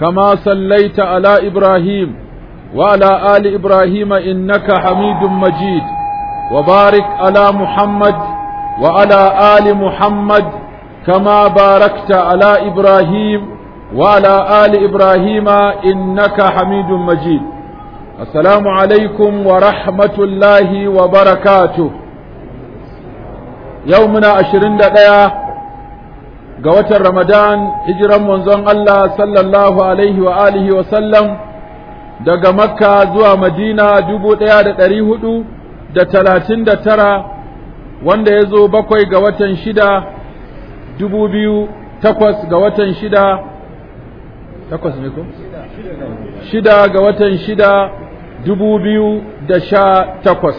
كما صليت على إبراهيم وعلى آل إبراهيم إنك حميد مجيد وبارك على محمد وعلى آل محمد كما باركت على إبراهيم وعلى آل إبراهيم إنك حميد مجيد السلام عليكم ورحمة الله وبركاته يومنا أشرين دقيقة ga watan Ramadan hijiran manzon Allah sallallahu alaihi wa alihi wa sallam daga Makka zuwa Madina dubu ɗaya da ɗari hudu da talatin da tara wanda ya zo bakwai ga watan shida dubu biyu takwas ga watan shida takwas ne ko? shida ga watan shida dubu biyu da sha takwas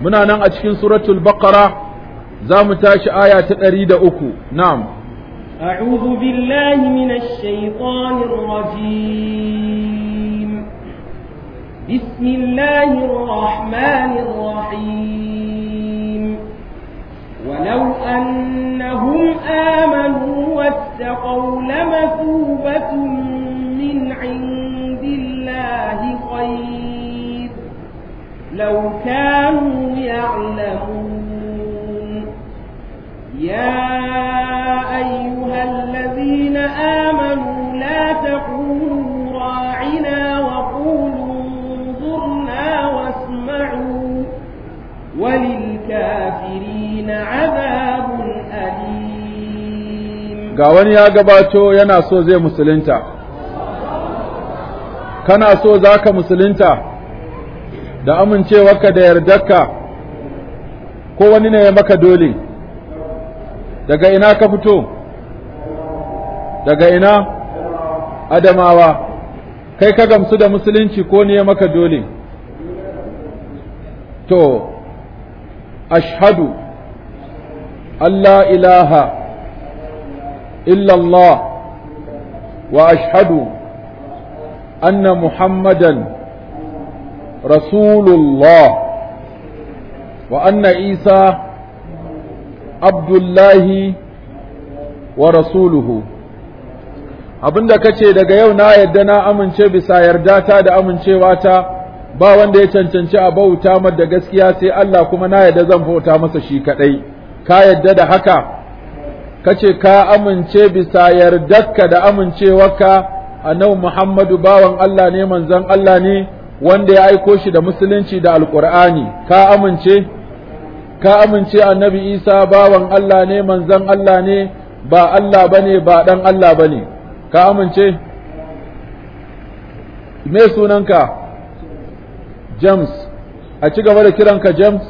muna nan a cikin suratul baqara za mu tashi aya ta ɗari da uku na'am أعوذ بالله من الشيطان الرجيم بسم الله الرحمن الرحيم ولو أنهم آمنوا واتقوا لمثوبة ga wani ya gabato yana so zai musulunta kana so za ka musulunta da amincewarka da yardarka ko wani ne ya maka dole daga ina ka fito daga ina adamawa kai ka gamsu da musulunci ko ne ya maka dole to ashhadu Allah ilaha إلا الله وأشهد أن محمدا رسول الله وأن عيسى عبد الله ورسوله abinda kace daga yau na yarda na amince bisa yarda ta da amincewata ba wanda ya cancanci a bauta mar da gaskiya sai Allah kuma na yarda zan bauta masa shi kadai ka yarda da haka kace ka amince bisa yardarka da amincewarka annabi Muhammadu bawan Allah ne manzon Allah ne wanda ya aiko shi da musulunci da alqur'ani ka amince ka amince annabi Isa bawan Allah ne manzon Allah ne ba Allah bane ba dan Allah bane ka amince me sunanka James a ci gaba da kiranka James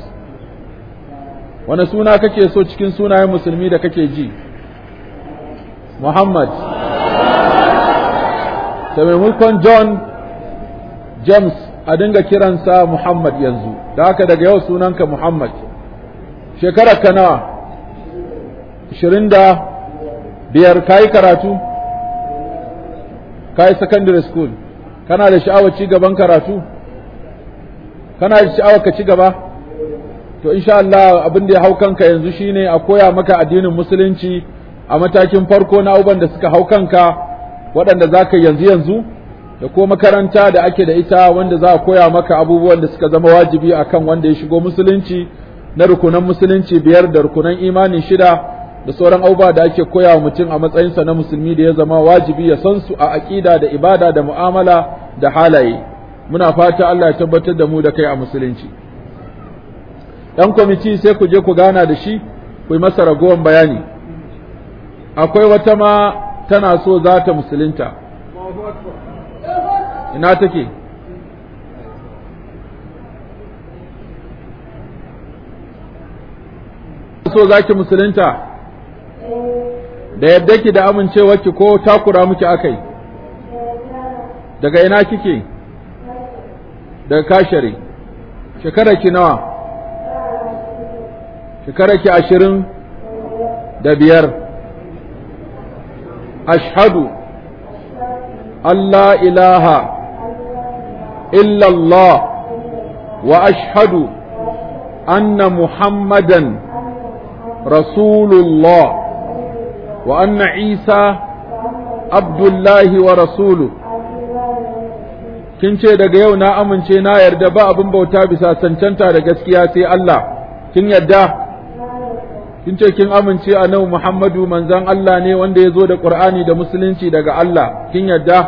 wani suna kake so cikin sunayen musulmi da kake ji Muhammad da mai John James a dinga kiransa Muhammad yanzu da haka daga yau sunanka Muhammad shekara ka nawa ashirin da biyar ka yi karatu ka yi secondary school kana da sha'awar ci gaban karatu kana da sha'awar ka ci gaba to insha Allah abin da ya hau kanka yanzu shine a koya maka addinin musulunci a matakin farko na uban da suka hau kanka waɗanda za ka yanzu yanzu da ko makaranta da ake da ita wanda za a koya maka abubuwan da suka zama wajibi a kan wanda ya shigo musulunci na rukunan musulunci biyar da rukunan imani shida da sauran abubuwa da ake koya wa mutum a matsayinsa na musulmi da ya zama wajibi ya san su a aƙida da ibada da mu'amala da halaye muna fata Allah ya tabbatar da mu da kai a musulunci ɗan kwamiti sai ku je ku gana da shi ku yi masa ragowar bayani akwai wata ma tana so za ta musulunta ina take so za ki musulunta da yadda ki da amincewarki ko takura miki akai daga ina kike daga kashare shekara ki nawa shekara ki ashirin da biyar أشهد أن لا إله إلا الله وأشهد أن محمدا رسول الله وأن عيسى عبد الله ورسوله kin ce daga yau na amince na yarda ba abin bauta bisa cancanta da gaskiya sai Allah kin yarda kin ce kin amince a nan Muhammadu manzan Allah ne wanda ya zo da Qur'ani da musulunci daga Allah kin yadda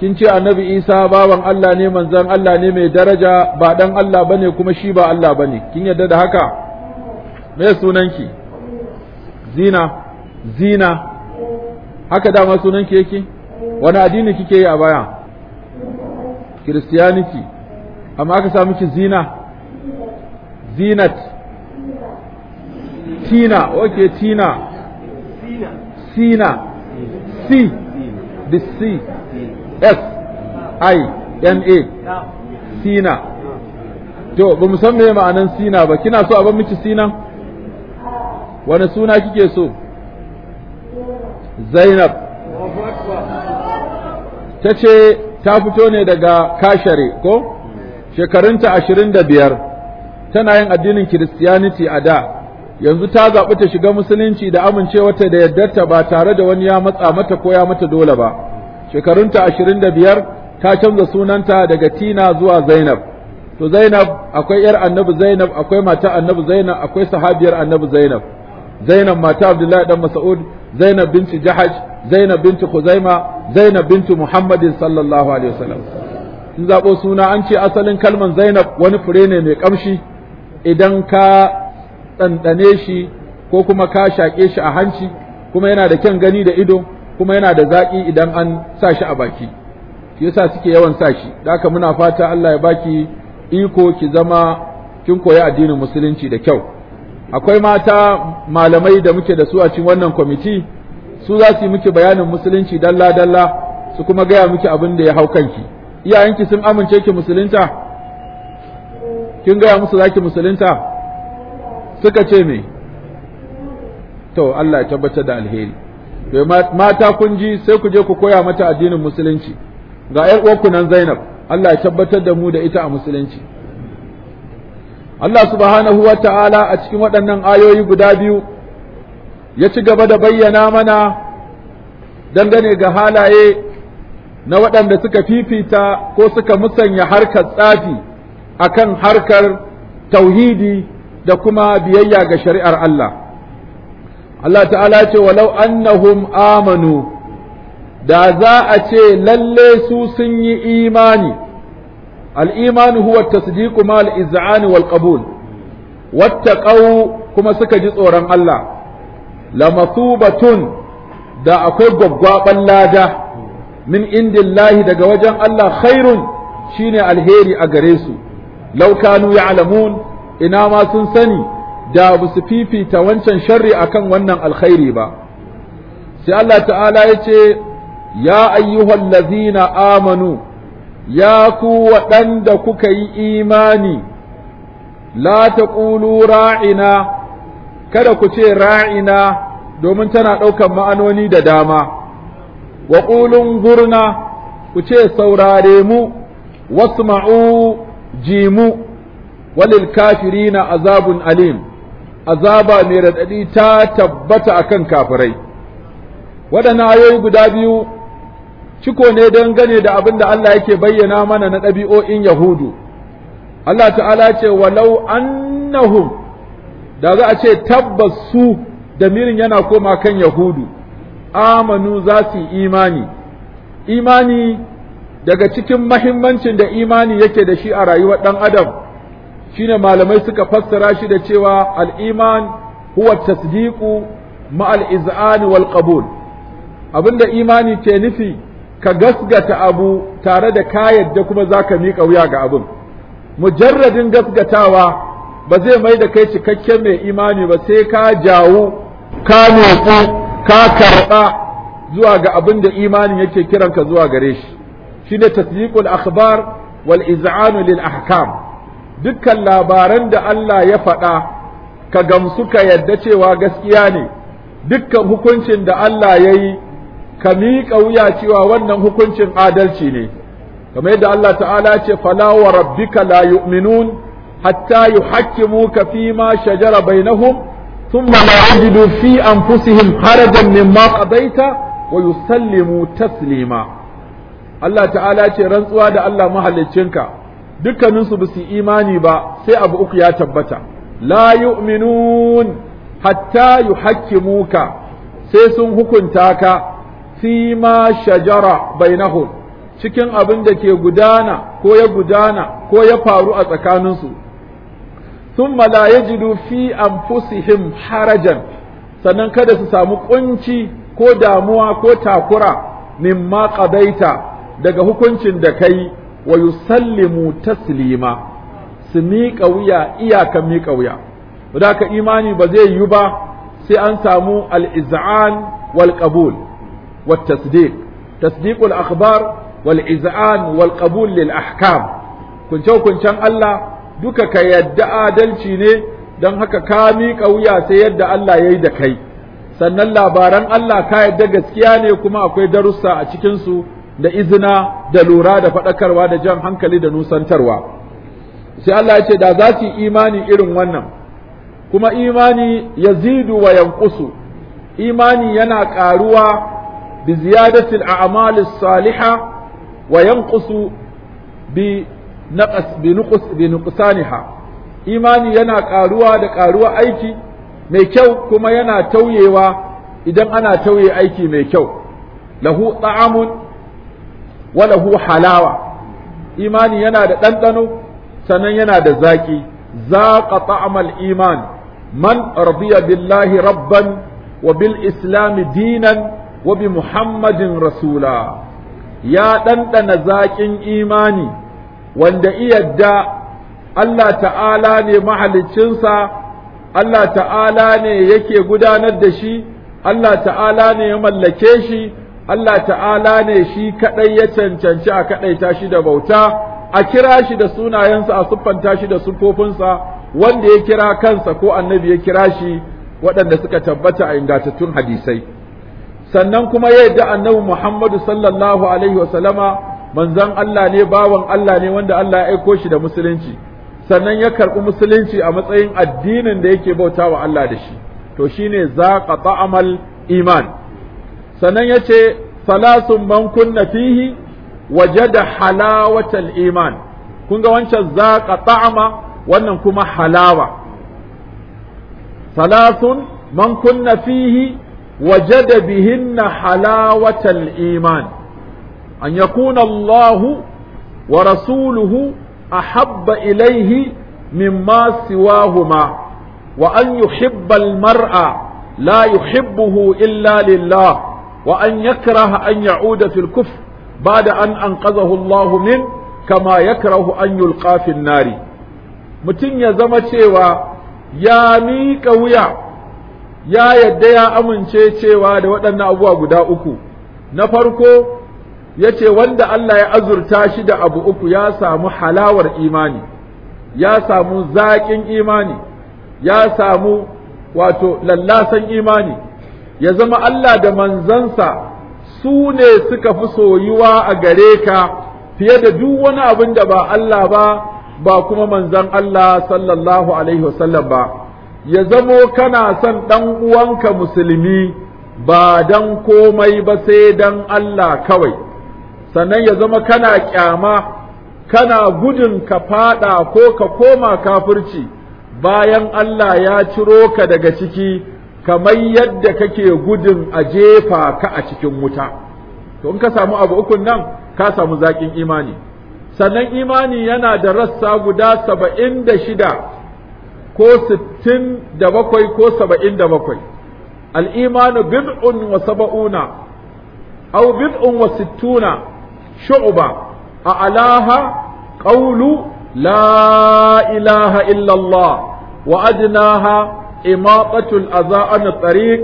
kin ce annabi Isa baban Allah ne manzan Allah ne mai daraja ba dan Allah bane kuma shi ba Allah bane kin yadda da haka me sunanki zina zina haka dama sunanki yake wani addini kike yi a baya Kristiyaniki. amma aka sa miki zina zinat Tina, okay, Tina. Sina. C. The C. S. I. N. A. Sina. To, ba mu san me ma'anan Sina ba, kina so a ban miki Sina? Wani suna kike so? Zainab. Ta ce ta fito ne daga kashare, ko? Shekarunta ashirin da biyar, tana yin addinin Kiristiyaniti a da. yanzu ta zaɓi ta shiga musulunci da amincewarta da yardarta ba tare da wani ya matsa mata ko ya mata dole ba shekarunta ashirin da biyar ta canza sunanta daga tina zuwa zainab to zainab akwai yar annabi zainab akwai mata annabi zainab akwai sahabiyar annabi zainab zainab mata abdullahi dan mas'ud zainab binti jahaj zainab binti khuzaima zainab binti muhammadin sallallahu alaihi wasallam in zaɓo suna an ce asalin kalman zainab wani fure ne mai ƙamshi idan ka ɗanɗane shi ko kuma ka shaƙe shi a hanci kuma yana da kyan gani da ido kuma yana da zaƙi idan an sa shi a baki shi yasa suke yawan sa shi da haka muna fata Allah ya baki iko ki zama kin koyi addinin musulunci da kyau akwai mata malamai da muke da su a cikin wannan kwamiti su za su yi miki bayanin musulunci dalla dalla su kuma gaya miki abin da ya hau kanki iyayenki sun amince ki musulunta kin gaya musu zaki musulunta suka ce me to Allah ya tabbatar da alheri to mata kun ji sai ku je ku koya mata addinin musulunci ga ƴar uwanku nan Zainab Allah ya tabbatar da mu da ita a musulunci Allah subhanahu wa ta'ala a cikin waɗannan ayoyi guda biyu ya ci gaba da bayyana mana dangane ga halaye na waɗanda suka fifita ko suka musanya harkar tsafi akan harkar tauhidi da kuma biyayya ga shari'ar Allah Allah ta'ala ce walau annahum amanu da za a ce lalle su sun yi imani al-imanu huwa tasdiqu ma al wal qabul wattaqau kuma suka ji tsoron Allah lamathubatun da akwai gwaggwaban lada min indillahi daga wajen Allah khairun shine alheri a gare su law kanu ya'lamun ina ma sun sani da ba su fifita wancan sharri akan wannan alkhairi ba sai Allah ta'ala ya ce ya lazina, amanu ya ku waɗanda kuka yi imani la taqulu ra'ina kada ku ce ra'ina domin tana ɗaukan ma'anoni da dama wa qulun gurna ku ce saurare mu wasma'u jimu walil kafirina azabun alim azaba mai raɗaɗi ta tabbata akan kafirai waɗannan ayoyi guda biyu ciko ne gane da abin da Allah yake bayyana mana na dabi'o'in yahudu Allah ta'ala ce walau annahum da za a ce tabbas su mirin yana koma kan yahudu amanu za su yi imani imani daga cikin mahimmancin da imani yake da shi a rayuwar ɗan adam shine malamai suka fassara shi da cewa al-iman huwa tasdiqu ma al-iz'an wal qabul abinda imani ke nufi ka gasgata abu tare da ka yadda kuma zaka mika wuya ga abin mujarradin gasgatawa ba zai mai da kai cikakken mai imani ba sai ka jawo ka nufi, ka karɓa zuwa ga abin da imanin yake kiranka zuwa gare shi shine tasdiqul akhbar wal iz'an lil ahkam dukkan labaran da Allah ya faɗa ka gamsu ka yadda cewa gaskiya ne dukkan hukuncin da Allah ya yi ka miƙa wuya cewa wannan hukuncin adalci ne kamar yadda Allah ta'ala ce fala wa rabbika la yu'minun hatta yuhakkimuka fi ma shajara bainahum thumma la yajidu fi anfusihim harajan mimma qadaita wa yusallimu taslima Allah ta'ala ce rantsuwa da Allah mahaliccinka dukkaninsu ba su imani ba sai abu uku ya tabbata la yu'minun hatta yuhakkimuka sai sun hukunta ka fi ma shajara bainahum cikin abin da ke gudana ko ya gudana ko ya faru a tsakaninsu thumma la yajidu fi anfusihim harajan sannan kada su samu kunci ko damuwa ko takura mimma qadaita daga hukuncin da kai wa yusallimu taslima su miƙa wuya iyakan miƙa wuya da ka imani ba zai yi ba sai an samu al-iz'an wal wa tasdiq tasdiq akhbar wal iz'an wal qabul lil ahkam kunce kuncen Allah duka ka yadda adalci ne don haka ka miƙa wuya sai yadda Allah ya yi da kai sannan labaran Allah ka yadda gaskiya ne kuma akwai darussa a cikinsu da izina da lura da faɗakarwa da jan hankali da nusantarwa sai Allah ya ce da za su imani irin wannan kuma imani yazidu wa yanqusu imani yana ƙaruwa bi ziyadatil a'mali saliha wa yanqusu bi naqas bi nuqus bi nuqsaniha imani yana ƙaruwa da ƙaruwa aiki mai kyau kuma yana tauyewa idan ana tauye aiki mai kyau lahu ta'amun walahu halawa imani yana da ɗanɗano sannan yana da zaƙi zaƙa ta'amal iman man radiya billahi rabban wa bil islami dinan wa bi muhammadin rasula ya ɗanɗana zaƙin imani wanda iyadda Allah ta'ala ne mahalicinsa Allah ta'ala ne yake gudanar da shi Allah ta'ala ne ya mallake shi Allah ta'ala ne shi kaɗai ya cancanci a kaɗaita shi da bauta, a kira shi da sunayensa a siffanta shi da sufofinsa wanda ya kira kansa ko annabi ya kira shi waɗanda suka tabbata a ingantattun hadisai. Sannan kuma ya yadda annabi Muhammadu sallallahu Alaihi wasallama manzon Allah ne bawan Allah ne wanda Allah ya aiko shi da musulunci. Sannan ya karɓi musulunci a matsayin addinin da yake bauta wa Allah da shi. To shine zaqa ta'amal iman. sannan ya ce salasun man kunna fihi wajada halawatal iman kun ga wancan zaƙa ta'ama wannan kuma halawa salasun man kunna fihi wajada bihinna halawatal iman an yakuna Allahu wa rasuluhu ahabba ilaihi mimma siwahuma wa an yuhibba al-mar'a la yuhibbuhu illa lillah wa an yakraha an ya'uda fil kufr ba'da an anƙazahullahu min kama yakrahu an yulqa nari mutum ya zama cewa ya miƙa wuya ya yadda ya amince cewa da waɗannan abubuwa guda uku na farko ya ce wanda Allah ya azurta shi da abu uku ya samu halawar imani ya samu zaƙin imani ya samu wato lallasan imani ya zama Allah da manzansa su ne suka fi soyuwa a gare ka fiye da duk wani abin da ba Allah ba ba kuma manzan Allah sallallahu alaihi wasallam ba ya zamo kana son ɗan uwanka musulmi ba dan komai ba sai dan Allah kawai sannan ya zama kana kyama kana gudun ka fada ko ka koma kafirci bayan Allah ya ciro ka daga ciki kamar yadda kake gudun a jefa ka a cikin wuta to in ka samu abu ukun nan ka samu zaƙin imani sannan imani yana da rassa guda saba'in da shida ko sittin da bakwai ko saba'in da bakwai al'imanu bid'un wa saba'una au bid'un wa sittuna shu'uba a alaha ƙaulu la ilaha illallah wa adnaha imaqatul adha an tariq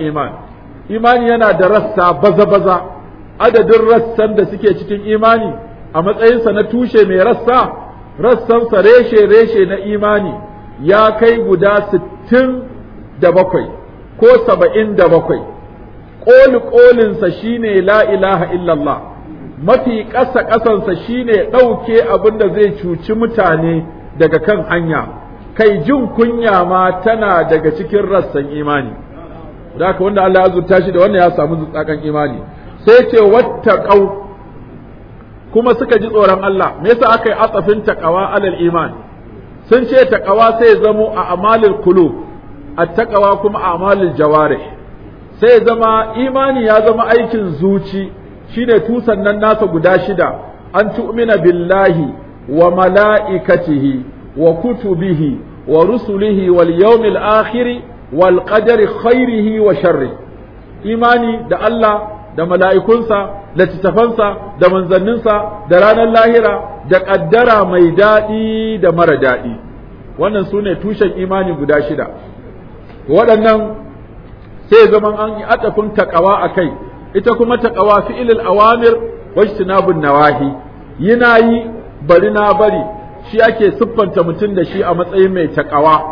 iman imani yana da rassa baza baza adadin rassan da suke cikin imani a matsayinsa na tushe mai rassa rassansa reshe reshe na imani ya kai guda sittin da bakwai ko saba'in da bakwai ƙoli ƙolinsa shine la ilaha illallah mafi ƙasa ƙasansa shine ɗauke abin da zai cuci mutane daga kan hanya kai jin kunya ma tana daga cikin rassan imani da haka wanda Allah ya zuta shi da wannan ya samu zutsakan imani sai ce kau kuma suka ji tsoron Allah me yasa aka yi atsafin taqawa alal iman sun ce taqawa sai ya zamo a amalil qulub attaqawa kuma a amalil jawarih sai zama imani ya zama aikin zuci shine tusan nan nasa guda shida an tu'mina billahi wa mala'ikatihi وكتبه ورسله واليوم الآخر والقدر خيره وشره إيماني دا الله دا ملائكونسا da تتفنسا da منزننسا lahira رانا اللاهرة mai قدر ميدائي mara مردائي wannan su ne tushen imani guda shida waɗannan sai zaman an yi atafin taƙawa a kai ita kuma taƙawa fi'ilil awamir wajtinabun nawahi yana yi bari na bari shi ake siffanta mutum da shi a matsayin mai taƙawa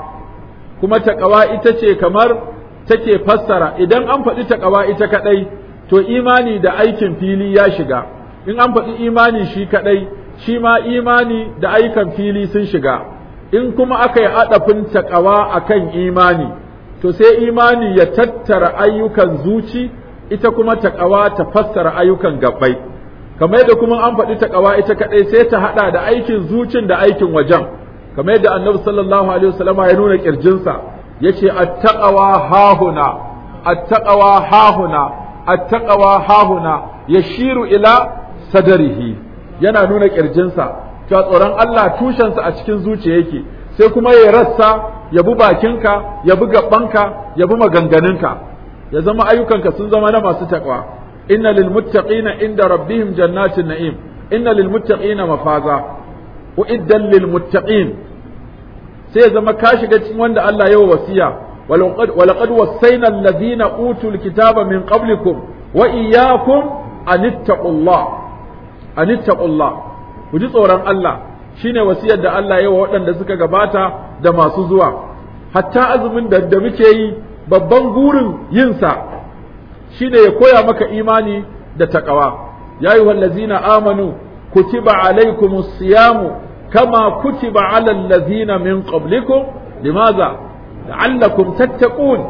kuma taƙawa ita ce kamar take fassara idan an faɗi taƙawa ita kaɗai to imani da aikin fili ya shiga in an faɗi imani shi kaɗai shi ma imani da aikan fili sun shiga in kuma aka yi haɗafin taƙawa a kan imani to sai imani ya tattara ayyukan zuci ita kuma taƙawa ta fassara ayyukan gabai. kamar yadda kuma an faɗi ta ƙawa ita kaɗai, sai ta haɗa da aikin zucin da aikin wajen kamar yadda annabi sallallahu alaihi wasallam ya nuna kirjinsa yace at hahuna at hahuna at hahuna yashiru ila sadarihi yana nuna kirjinsa cewa tsoron Allah tushensa a cikin zuciya yake sai kuma ya rassa ya bi bakinka ya bi gabanka ya bi maganganunka ya zama ayyukanka sun zama na masu takwa inna lil muttaqina inda rabbihim jannatin na'im inna lil muttaqina mafaza uiddan lil muttaqin sai zama ka shiga cikin wanda Allah ya wasiya walaqad wasaina alladhina utul kitaba min qablikum wa iyyakum an ku ji tsoron Allah shine wasiyar da Allah ya waɗanda suka gabata da masu zuwa hatta azumin da muke yi babban gurin yinsa shine ya koya maka imani da taqwa ya yi wallazina amanu kutiba alaikumus siyamu kama kutiba alal ladzina min qablikum limaza la'allakum tattaqun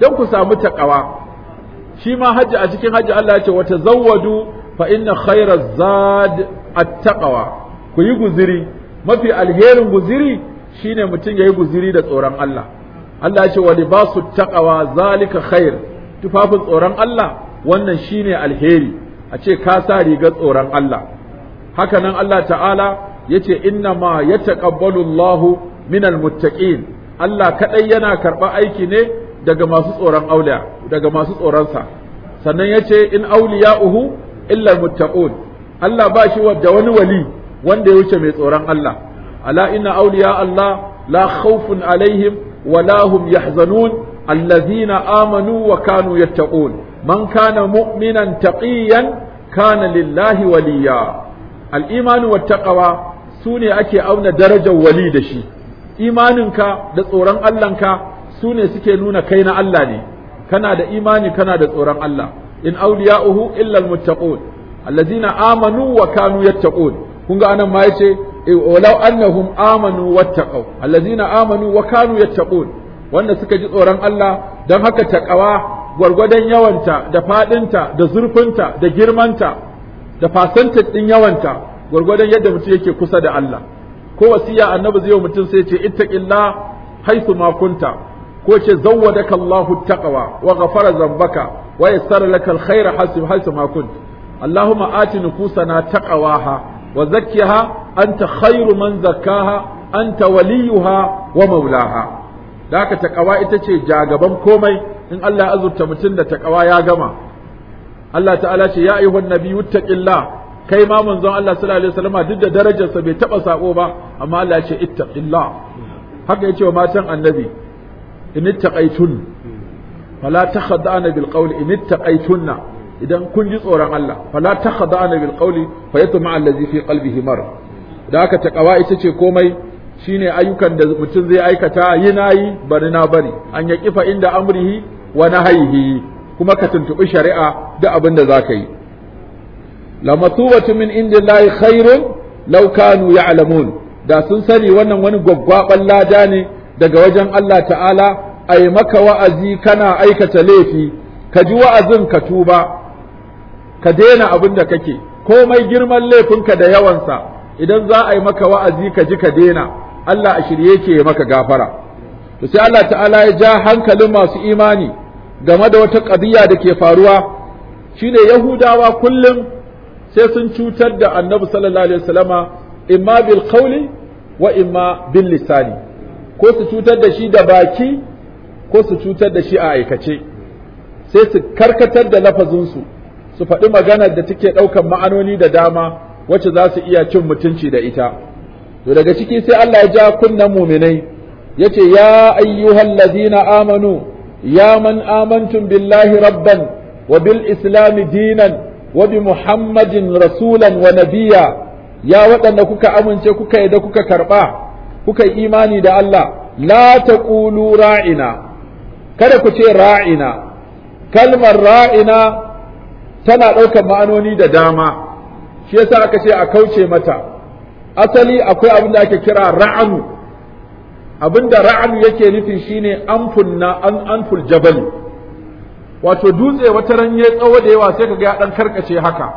dan ku samu taqwa shi ma hajji a cikin hajji Allah ya ce wata zawwadu fa inna khayra zad at-taqwa ku yi guziri mafi alherin guziri shine mutum yayi guziri da tsoron Allah Allah ya ce wa libasu taqwa zalika khair tufafin tsoron Allah wannan shine alheri a ce ka sa rigar tsoron Allah haka nan Allah ta'ala yace inna ma yataqabbalu Allahu minal muttaqin Allah kadai yana karɓa aiki ne daga masu tsoron auliya daga masu tsoronsa sannan yace in uhu illa muttaqun Allah ba shi da wani wali wanda ya wuce mai tsoron Allah ala inna auliya Allah la khawfun alaihim wa la hum yahzanun allazina amanu wa kanu yattaqun man kana mu'minan taqiyan kana lillahi waliya al-imanu wattaqwa sune ake auna darajar wali da shi imaninka da tsoron ka sune suke nuna kai na Allah ne kana da imani kana da tsoron Allah in awliya'uhu illa al-muttaqun allazina amanu wa kanu yattaqun kun ga anan ma yace walau annahum amanu wattaqu allazina amanu wa kanu yattaqun wanda suka ji tsoron Allah don haka taƙawa gwargwadon yawanta da faɗinta, da zurfinta da girmanta da fasantar ɗin yawanta gwargwadon yadda mutum yake kusa da Allah ko wasiya annabi zai mutum sai ce ittaqillah haythu ma kunta ko ce zawwadaka Allahu taqwa wa ghafara zambaka wa yassara laka alkhaira hasib haythu ma kunta Allahumma ati nufusana taqwaha wa zakkiha anta khairu man zakkaha anta waliyuha wa maulaha da haka ita ce jagaban komai in Allah azurta mutum da takawa ya gama Allah ta'ala ce ya ayyuhan nabiyyu ittaqillah kai ma manzon Allah sallallahu alaihi duk da darajarsa bai taba sako ba amma Allah ya ce ittaqillah haka yace wa matan annabi in ittaqaitun fala takhadana bil qawli in ittaqaitunna idan kun ji tsoron Allah fala takhadana bil qawli fa yatma allazi fi qalbihi mar da haka taqawa ita ce komai shine ayyukan da mutum zai aikata yi nayi bari na bari an ya kifa inda amrihi wa nahyihi kuma ka tuntuɓi shari'a da abin da zaka yi matubatu min indillahi khairun law kanu ya'lamun da sun sani wannan wani gwaggwaban lada ne daga wajen Allah ta'ala ai maka wa'azi kana aikata laifi ka ji wa'azin ka tuba ka daina abin da kake komai girman laifinka da yawansa idan za a yi maka wa'azi ka ji ka daina Allah a shirye yake maka gafara to sai Allah ta'ala ya ja hankalin masu imani game da wata ƙadiyya da ke faruwa shine yahudawa kullum sai sun cutar da annabi sallallahu alaihi wasallama imma bil qawli wa imma bil lisani ko su cutar da shi da baki ko su cutar da shi a aikace sai su karkatar da lafazinsu su faɗi maganar da take ɗaukar ma'anoni da dama wacce za su iya cin mutunci da ita to daga ciki sai Allah ya ja kunnan muminai yace ya ayyuhal ladina amanu ya man amantum billahi rabban wa bil islami dinan wa bi muhammadin rasulan wa nabiyya ya waɗanda kuka amince kuka da kuka karɓa kuka yi imani da Allah la taqulu ra'ina kada ku ce ra'ina kalmar ra'ina tana ɗaukar ma'anoni da dama shi yasa aka ce a kauce mata asali akwai abin da ake kira ra'anu abin da ra'anu yake nufi shine anful na an anful jabal wato dutse wata ran ya tsawo da yawa sai kaga ya dan karkace haka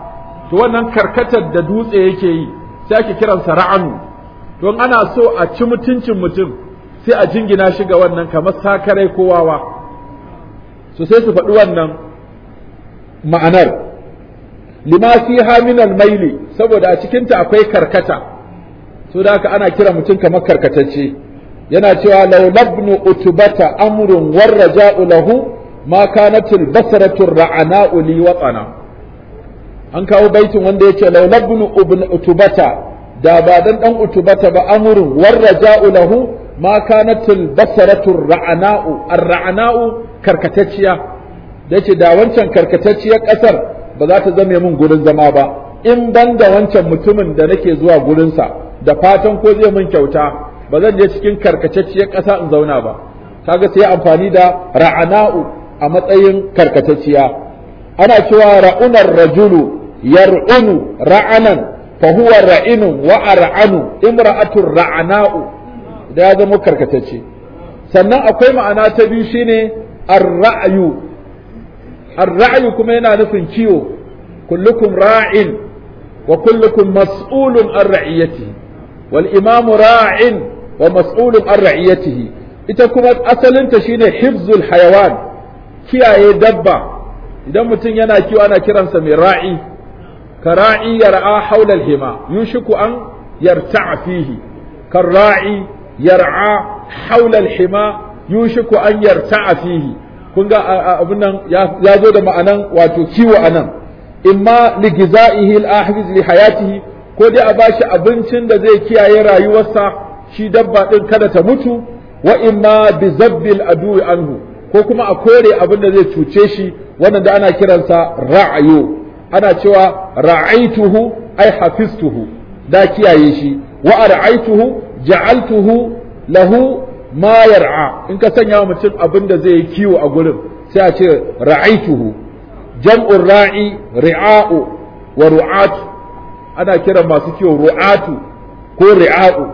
to wannan karkatar da dutse yake yi sai ake kiransa ra'anu don ana so a ci mutuncin mutum sai a jingina shi ga wannan kamar sakarai ko wawa so sai su faɗi wannan ma'anar lima fiha min al-maili saboda a cikinta akwai karkata su da haka ana kira mutum kamar karkatacce yana cewa laulabnu utubata amrun warraja'u lahu ma kanatil basaratu ra'ana'u li watsana an kawo baitin wanda ya yake laulabnu utubata da ba dan dan utubata ba amrun warra lahu ma kanatil basaratu ra'ana'u ar-ra'ana'u karkatacciya dace da wancan karkatacciyar kasar ba za ta zame min gurin zama ba in ban da wancan mutumin da nake zuwa gurinsa da fatan ko zai mun kyauta ba zan je cikin karkatacciyar ƙasa in zauna ba kaga sai amfani da ra'ana'u a matsayin karkatacciya ana cewa ra'unar rajulu yar'unu ra'anan fa huwa ra'inu wa ar'anu imra'atur ra'ana'u da ya zama karkatacce sannan akwai ma'ana ta biyu shine ar-ra'yu ar-ra'yu kuma yana nufin kiwo kullukum ra'in wa kullukum mas'ulun an raiyati wal imamu ra'in wa mas'ulun an ra'iyatihi ita kuma asalinta shine hifzul hayawan kiyaye dabba idan mutum yana kiwo ana kiransa mai ra'i ka ra'i yar'a haula al yushiku an yarta'a fihi kan ra'i yar'a haula al-hima yushiku an yarta'a fihi kun ga abin nan ya zo da ma'anan wato kiwo anan imma li gizaihi li hayatihi ko dai a bashi abincin da zai kiyaye rayuwarsa shi dabba ɗin kada ta mutu wa imma bi zabbil aduwi anhu ko kuma a kore abin da zai cuce shi wannan da ana kiransa ra'ayu ana cewa ra'aituhu ai hafistuhu da kiyaye shi wa ar'aituhu ja'altuhu lahu ma yar'a in ka sanya mutum abin da zai yi kiwo a gurin sai a ce ra'aituhu jam'ur ra'i ri'a'u wa ru'atu ana kiran masu kiwo ru'atu ko ri'a'u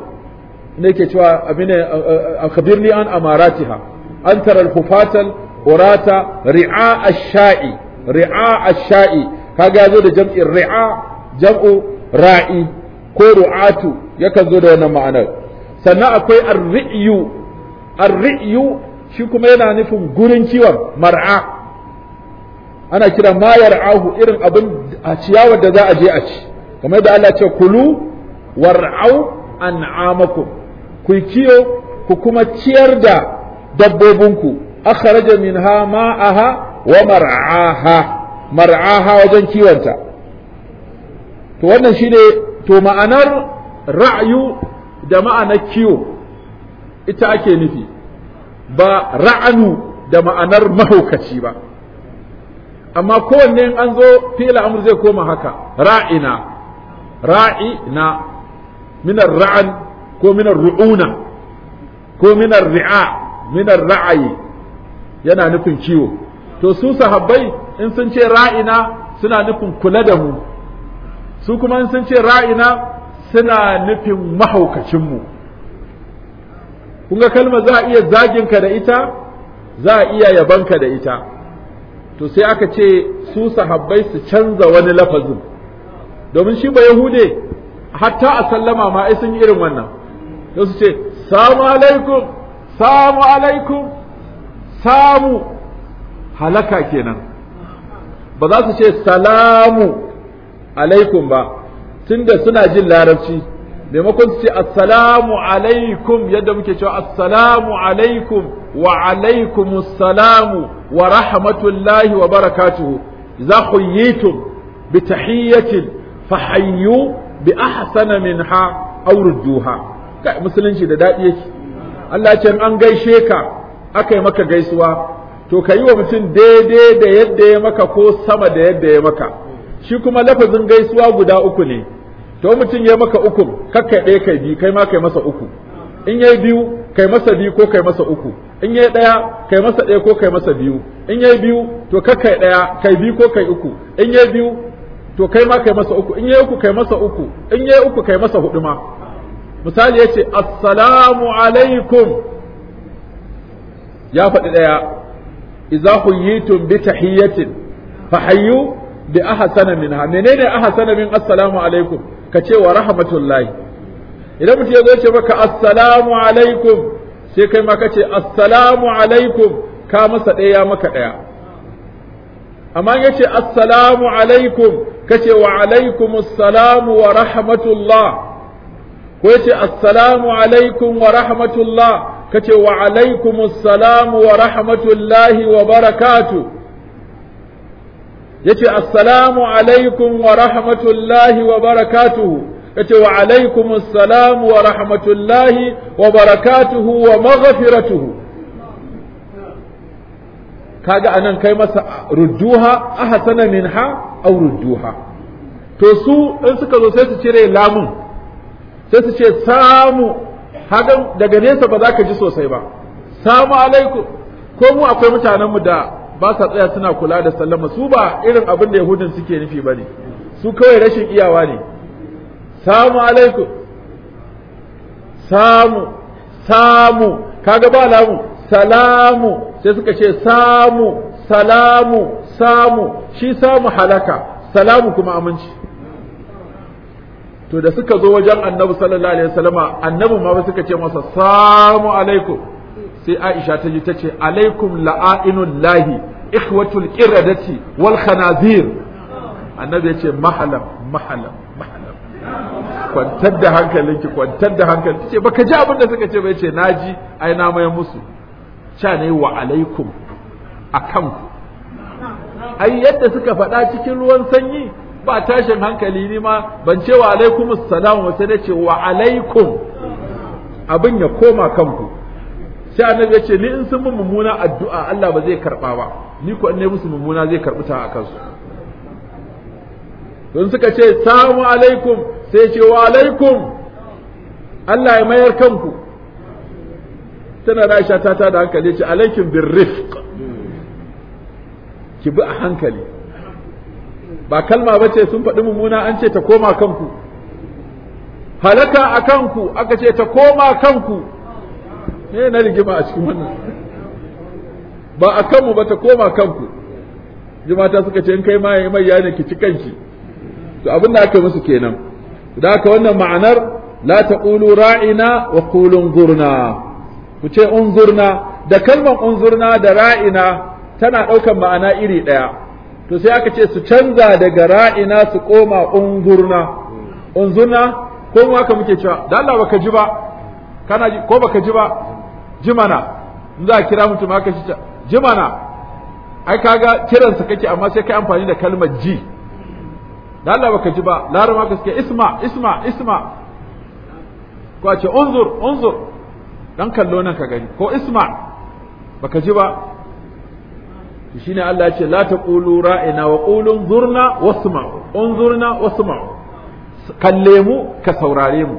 ne ke cewa abin akhbirni an amaratiha an tara al-hufatal ri'a ash-sha'i ri'a ash-sha'i kaga zo da jam'in ri'a jam'u ra'i ko ru'atu yakan zo da wannan ma'anar sannan akwai ar-ri'yu shi kuma yana nufin gurin kiwon mar'a ana kira ma yar'ahu irin abin a ciyawar da za a je a ci kamar da Allah ce kulu war'au an'amaku ku kiyo ku kuma ciyar da dabbobinku akhraja minha ma'aha wa mar'aha mar'aha wajen kiwonta to wannan shine to ma'anar ra'yu da ma'anar kiwo ita ake nufi ba ra'anu da ma'anar mahaukaci ba amma kowanne an zo fi'il amr zai koma haka ra'ina ra'ina minar ra'an ko minar ru'una ko minar ri'a minar ra'ayi yana nufin kiwo to su sahabbai in sun ce ra'ina suna nufin kula da mu su kuma in sun ce ra'ina suna nufin mahaukacinmu kun ga kalma za a iya zaginka da ita za a iya yabanka da ita to sai aka ce su sahabbai su canza wani lafazin domin shi ba yahude hatta a sallama ma ai sun yi irin wannan sai su ce Samu alaikum Samu alaikum samu halaka kenan ba za su ce salamu alaikum ba tunda suna jin larabci maimakon su ce assalamu alaikum yadda muke cewa assalamu alaikum wa alaikum salamu wa rahmatullahi wa barakatuhu za ku yi bi tahiyyatin fahayyu bi ahsana minha aw rujuha kai musulunci da dadi yake Allah ce an gaishe ka akai maka gaisuwa to ka wa mutum daidai da yadda ya maka ko sama da yadda ya maka shi kuma lafazin gaisuwa guda uku ne to mutum ya maka uku kakkai ɗaya kai biyu kai ma kai masa uku in yayi biyu kai masa biyu ko kai masa uku in yayi daya kai masa daya ko kai masa biyu in yayi biyu to ka kai daya kai biyu ko kai uku in yayi biyu to kai ma kai masa uku in yayi uku kai masa uku in yayi uku kai masa hudu ma misali yace assalamu alaikum ya faɗi ɗaya idza huyitum bi fa hayyu bi ahsana minha menene ahsana min assalamu alaikum ka ce wa rahmatullahi idan mutum ya yace ce maka assalamu alaikum sai kai ma ka ce assalamu alaikum ka masa ɗaya maka ɗaya amma ya ce assalamu alaikum kace wa alaikum assalamu wa rahmatullah ko yace assalamu alaikum wa rahmatullah kace wa alaikum assalamu wa rahmatullahi wa barakatu yace assalamu alaikum wa rahmatullahi wa barakatuhu ce wa alaikum assalamu wa rahmatullahi wa barakatuhu wa maghfiratuhu kaga anan kai masa rudduha ahsana minha aw rudduha to su in suka zo sai su cire lamun sai su ce samu hadan daga nesa ba za ka ji sosai ba samu alaikum ko mu akwai mutanen mu da ba sa tsaya suna kula da sallama su ba irin abin da yahudin suke nufi ba ne? su kawai rashin iyawa ne samu alaikum samu samu kaga ba lamu salamu sai suka ce samu salamu samu shi samu halaka salamu kuma aminci to da suka zo wajen annabi sallallahu alaihi wasallama annabi ma suka ce masa samu alaikum sai aisha ta ji ta ce alaikum la'ainul lahi ikhwatul qiradati wal khanazir annabi ya ce mahalam mahalam mahalam kwantar da hankalinki kwantar da hankalinki ce baka ji abin da suka ce bai ce naji ai na mayan musu sha ne wa alaikum a kanku ai yadda suka faɗa cikin ruwan sanyi ba tashin hankali ni ma ban ce wa alaikum assalam wa sai ce wa alaikum abin ya koma kanku sai annabi ya ce ni in sun mun mummuna addu'a Allah ba zai karba ba ni ko ne musu mummuna zai karbi ta a kansu don suka ce salamu alaikum sai ce wa alaikum Allah ya mayar kanku tana da aisha ta da hankali ce alaikin bin rifq ki bi a hankali ba kalma ba ce sun faɗi mummuna an ce ta koma kanku halaka a kanku aka ce ta koma kanku me na rigima a cikin wannan ba a kanmu ba ta koma kanku jimata suka ce in kai ma mai yana ki ci kanki to abin da aka musu kenan da haka wannan ma'anar la taqulu ra'ina wa qulun gurna ku ce unzurna da kalmar unzurna da ra'ina tana ɗaukan ma'ana iri ɗaya to sai aka ce su canza daga ra'ina su koma unzurna unzurna ko mu aka muke cewa da Allah baka ji ba kana ji ko baka ji ba jimana in za a kira mutum haka Ji jimana ai kaga kiransa kake amma sai kai amfani da kalmar ji da Allah baka ji ba larama ka suke isma isma isma ko a ce unzur unzur dan kallo nan ka gani ko isma baka ji ba shi shine Allah ya ce la taqulu ra'ina wa qulu zurna wasma'u unzurna wasma'u kalle mu ka saurare mu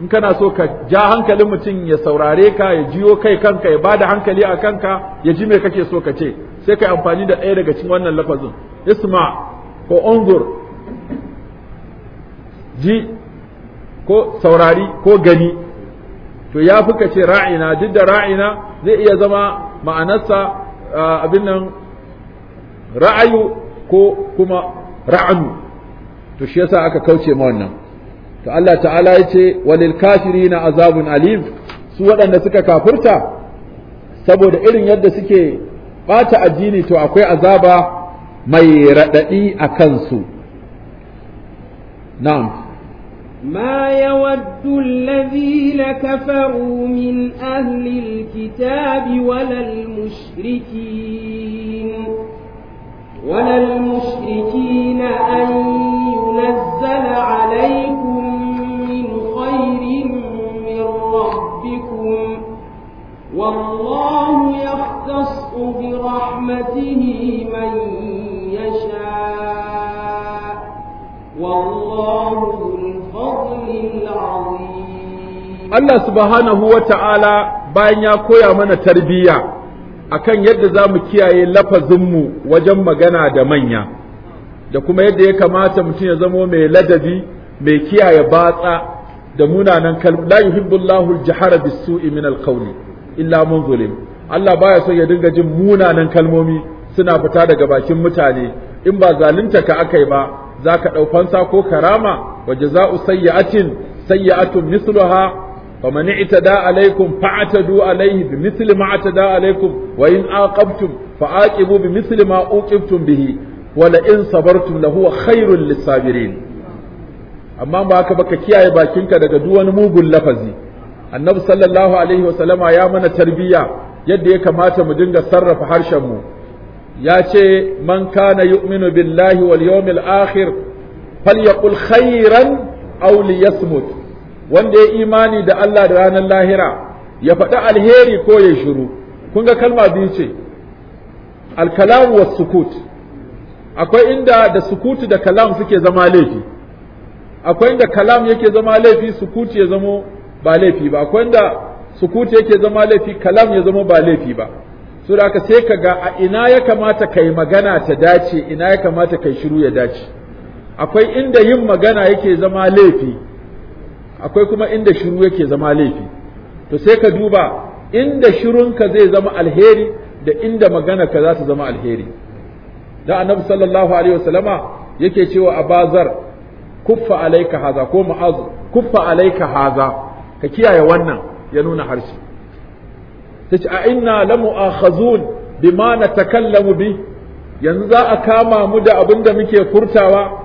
in kana so ka ja hankalin mutum ya saurare ka ya jiyo kai kanka ya bada hankali a kanka ya ji me kake so ka ce sai ka amfani da ɗaya daga cikin wannan lafazin isma ko unzur ji ko saurari ko gani to ya fi ka ce ra'ina duk da ra'ina zai iya zama ma'anarsa abin nan ra'ayu ko kuma ra'anu to shi yasa aka kauce ma wannan to Allah ta'ala ya ce walil kafirina azabun alim su waɗanda suka kafurta. saboda irin yadda suke ɓata addini to akwai azaba mai raɗaɗi a kansu na'am ما يود الذين كفروا من أهل الكتاب ولا المشركين ولا المشركين أن ينزل عليكم من خير من ربكم والله يختص برحمته من يشاء والله Allah subhanahu wa ta'ala bayan ya koya mana tarbiyya akan yadda za mu kiyaye lafazinmu wajen magana da manya, da kuma yadda ya kamata mutum ya zamo mai ladabi, mai kiyaye batsa da munanan kalmomi. La yuhibbullahu jahara bisu'i min alqawli illa man zulim. Allah baya so ya dinga jin munanan kalmomi suna fita daga bakin mutane in ba zalunta ka akai ba zaka ka ɗau fansa ko karama wa jaza'u sayyi'atin sayyi'atun misluha فمن اعتدى عليكم فاعتدوا عليه بمثل ما اعتدى عليكم وإن عاقبتم فعاقبوا بمثل ما عوقبتم به ولئن صبرتم لهو خير للصابرين amma ba haka baka kiyaye bakinka daga duwan mugun lafazi annabi sallallahu alaihi wasallama ya mana tarbiyya yadda ya kamata mu dinga sarrafa harshen mu ya ce man kana yu'minu billahi wal yawmil akhir falyaqul khairan auli liyasmut wanda ya imani da Allah da ranar lahira ya faɗi alheri ko ya shiru kun ga kalma biyu ce alkalam wa sukut akwai inda da sukutu da kalam suke zama laifi akwai inda kalam yake zama laifi sukutu ya zama ba laifi ba akwai inda sukutu yake zama laifi kalam ya zama ba laifi ba su da sai ka ga a ina ya kamata kai magana ta dace ina ya kamata kai shiru ya dace akwai inda yin magana yake zama laifi akwai kuma inda shiru yake zama laifi to sai ka duba inda shirunka zai zama alheri da inda magana ka za ta zama alheri da annabi sallallahu alaihi wasallama yake cewa abazar kuffa alaika haza ko ma'az kuffa alaika haza ka kiyaye wannan ya nuna harshe tace a inna lamu akhazun bima natakallamu bi yanzu za a kama mu da abin da muke furtawa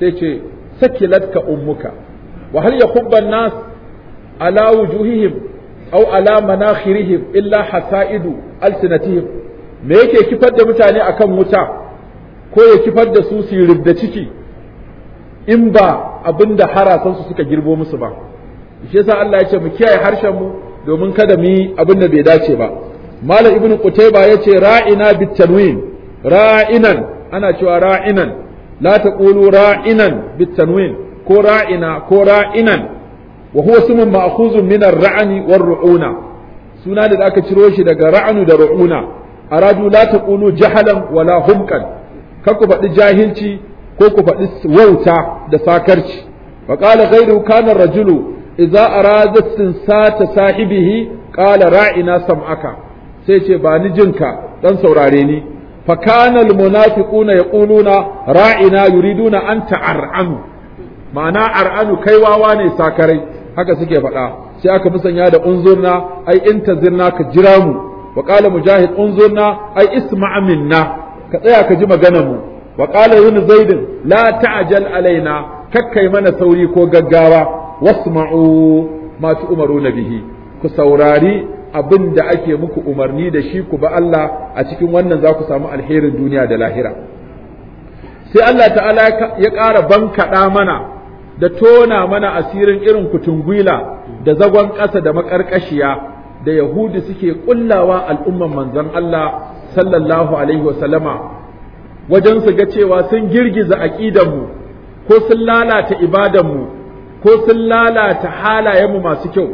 sai ce sakilatka ummuka wa hal yakhubba nas ala wujuhihim aw ala manakhirihim illa hasaidu alsinatihim me yake kifar da mutane akan wuta ko ya kifar da su su rubda ciki in ba abinda harasan su suka girbo musu ba shi yasa Allah ya ce mu kiyaye harshen mu domin kada mu yi abin da bai dace ba malam ibnu qutayba yace ra'ina bit tanwin ra'inan ana cewa ra'inan la taqulu ra'inan bit tanwin ko ra'ina ko ra'inan wa huwa sumun ma'khuzun min ar-ra'ni war-ru'una suna da aka ciro shi daga ra'anu da ru'una aradu la taqulu jahalan wala humqan kar ku faɗi jahilci ko ku faɗi wauta da sakarci wa qala ghayru kana rajulu idza arada sinsata sahibihi qala ra'ina sam'aka sai ce ba ni jinka dan saurare ni fa kana almunafiquna yaquluna ra'ina yuriduna an ta'ar'anu ma'ana ar'anu kai wawa ne sakarai haka suke faɗa sai aka sanya da unzurna ai intazirna ka jira mu wa qala mujahid unzurna ai isma' minna ka tsaya ka ji maganar mu wa qala ibn zaid la ta'jal alaina kakkai mana sauri ko gaggawa wasma'u ma tu'maruna bihi ku saurari abin da ake muku umarni da shi ku ba Allah a cikin wannan za ku samu alherin duniya da lahira sai Allah ta'ala ya ƙara bankaɗa mana da tona mana asirin irin kutungwila da zagon ƙasa da maƙarƙashiya da yahudi suke ƙullawa al'umman manzon Allah sallallahu alaihi wasallama wajen su ga cewa sun girgiza aƙidanmu ko sun lalata ibadanmu ko sun lalata halayenmu masu kyau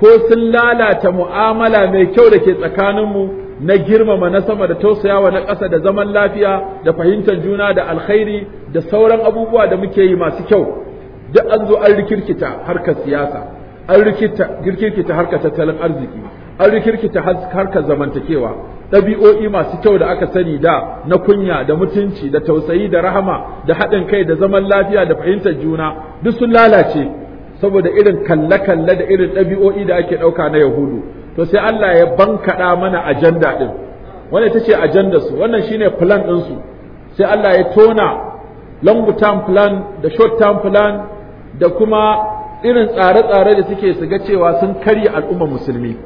ko sun lalata mu'amala mai kyau da ke tsakaninmu na girmama na sama da tausayawa na ƙasa da zaman lafiya da fahimtar juna da alkhairi da sauran abubuwa da muke yi masu kyau duk an zo an rikirkita harkar siyasa an rikirkita harkar tattalin arziki an rikirkita harkar zamantakewa ɗabi'o'i masu kyau da aka sani da na kunya da mutunci da tausayi da rahama da haɗin kai da zaman lafiya da fahimtar juna duk sun lalace saboda irin kalle-kalle da irin ɗabi'o'i da ake ɗauka na yahudu to sai Allah ya bankaɗa mana ajanda ɗin wanda ita ce su wannan shine plan ɗinsu sai Allah ya tona long term plan da short term plan da kuma irin tsare-tsare da suke su ga cewa sun karya al'ummar musulmi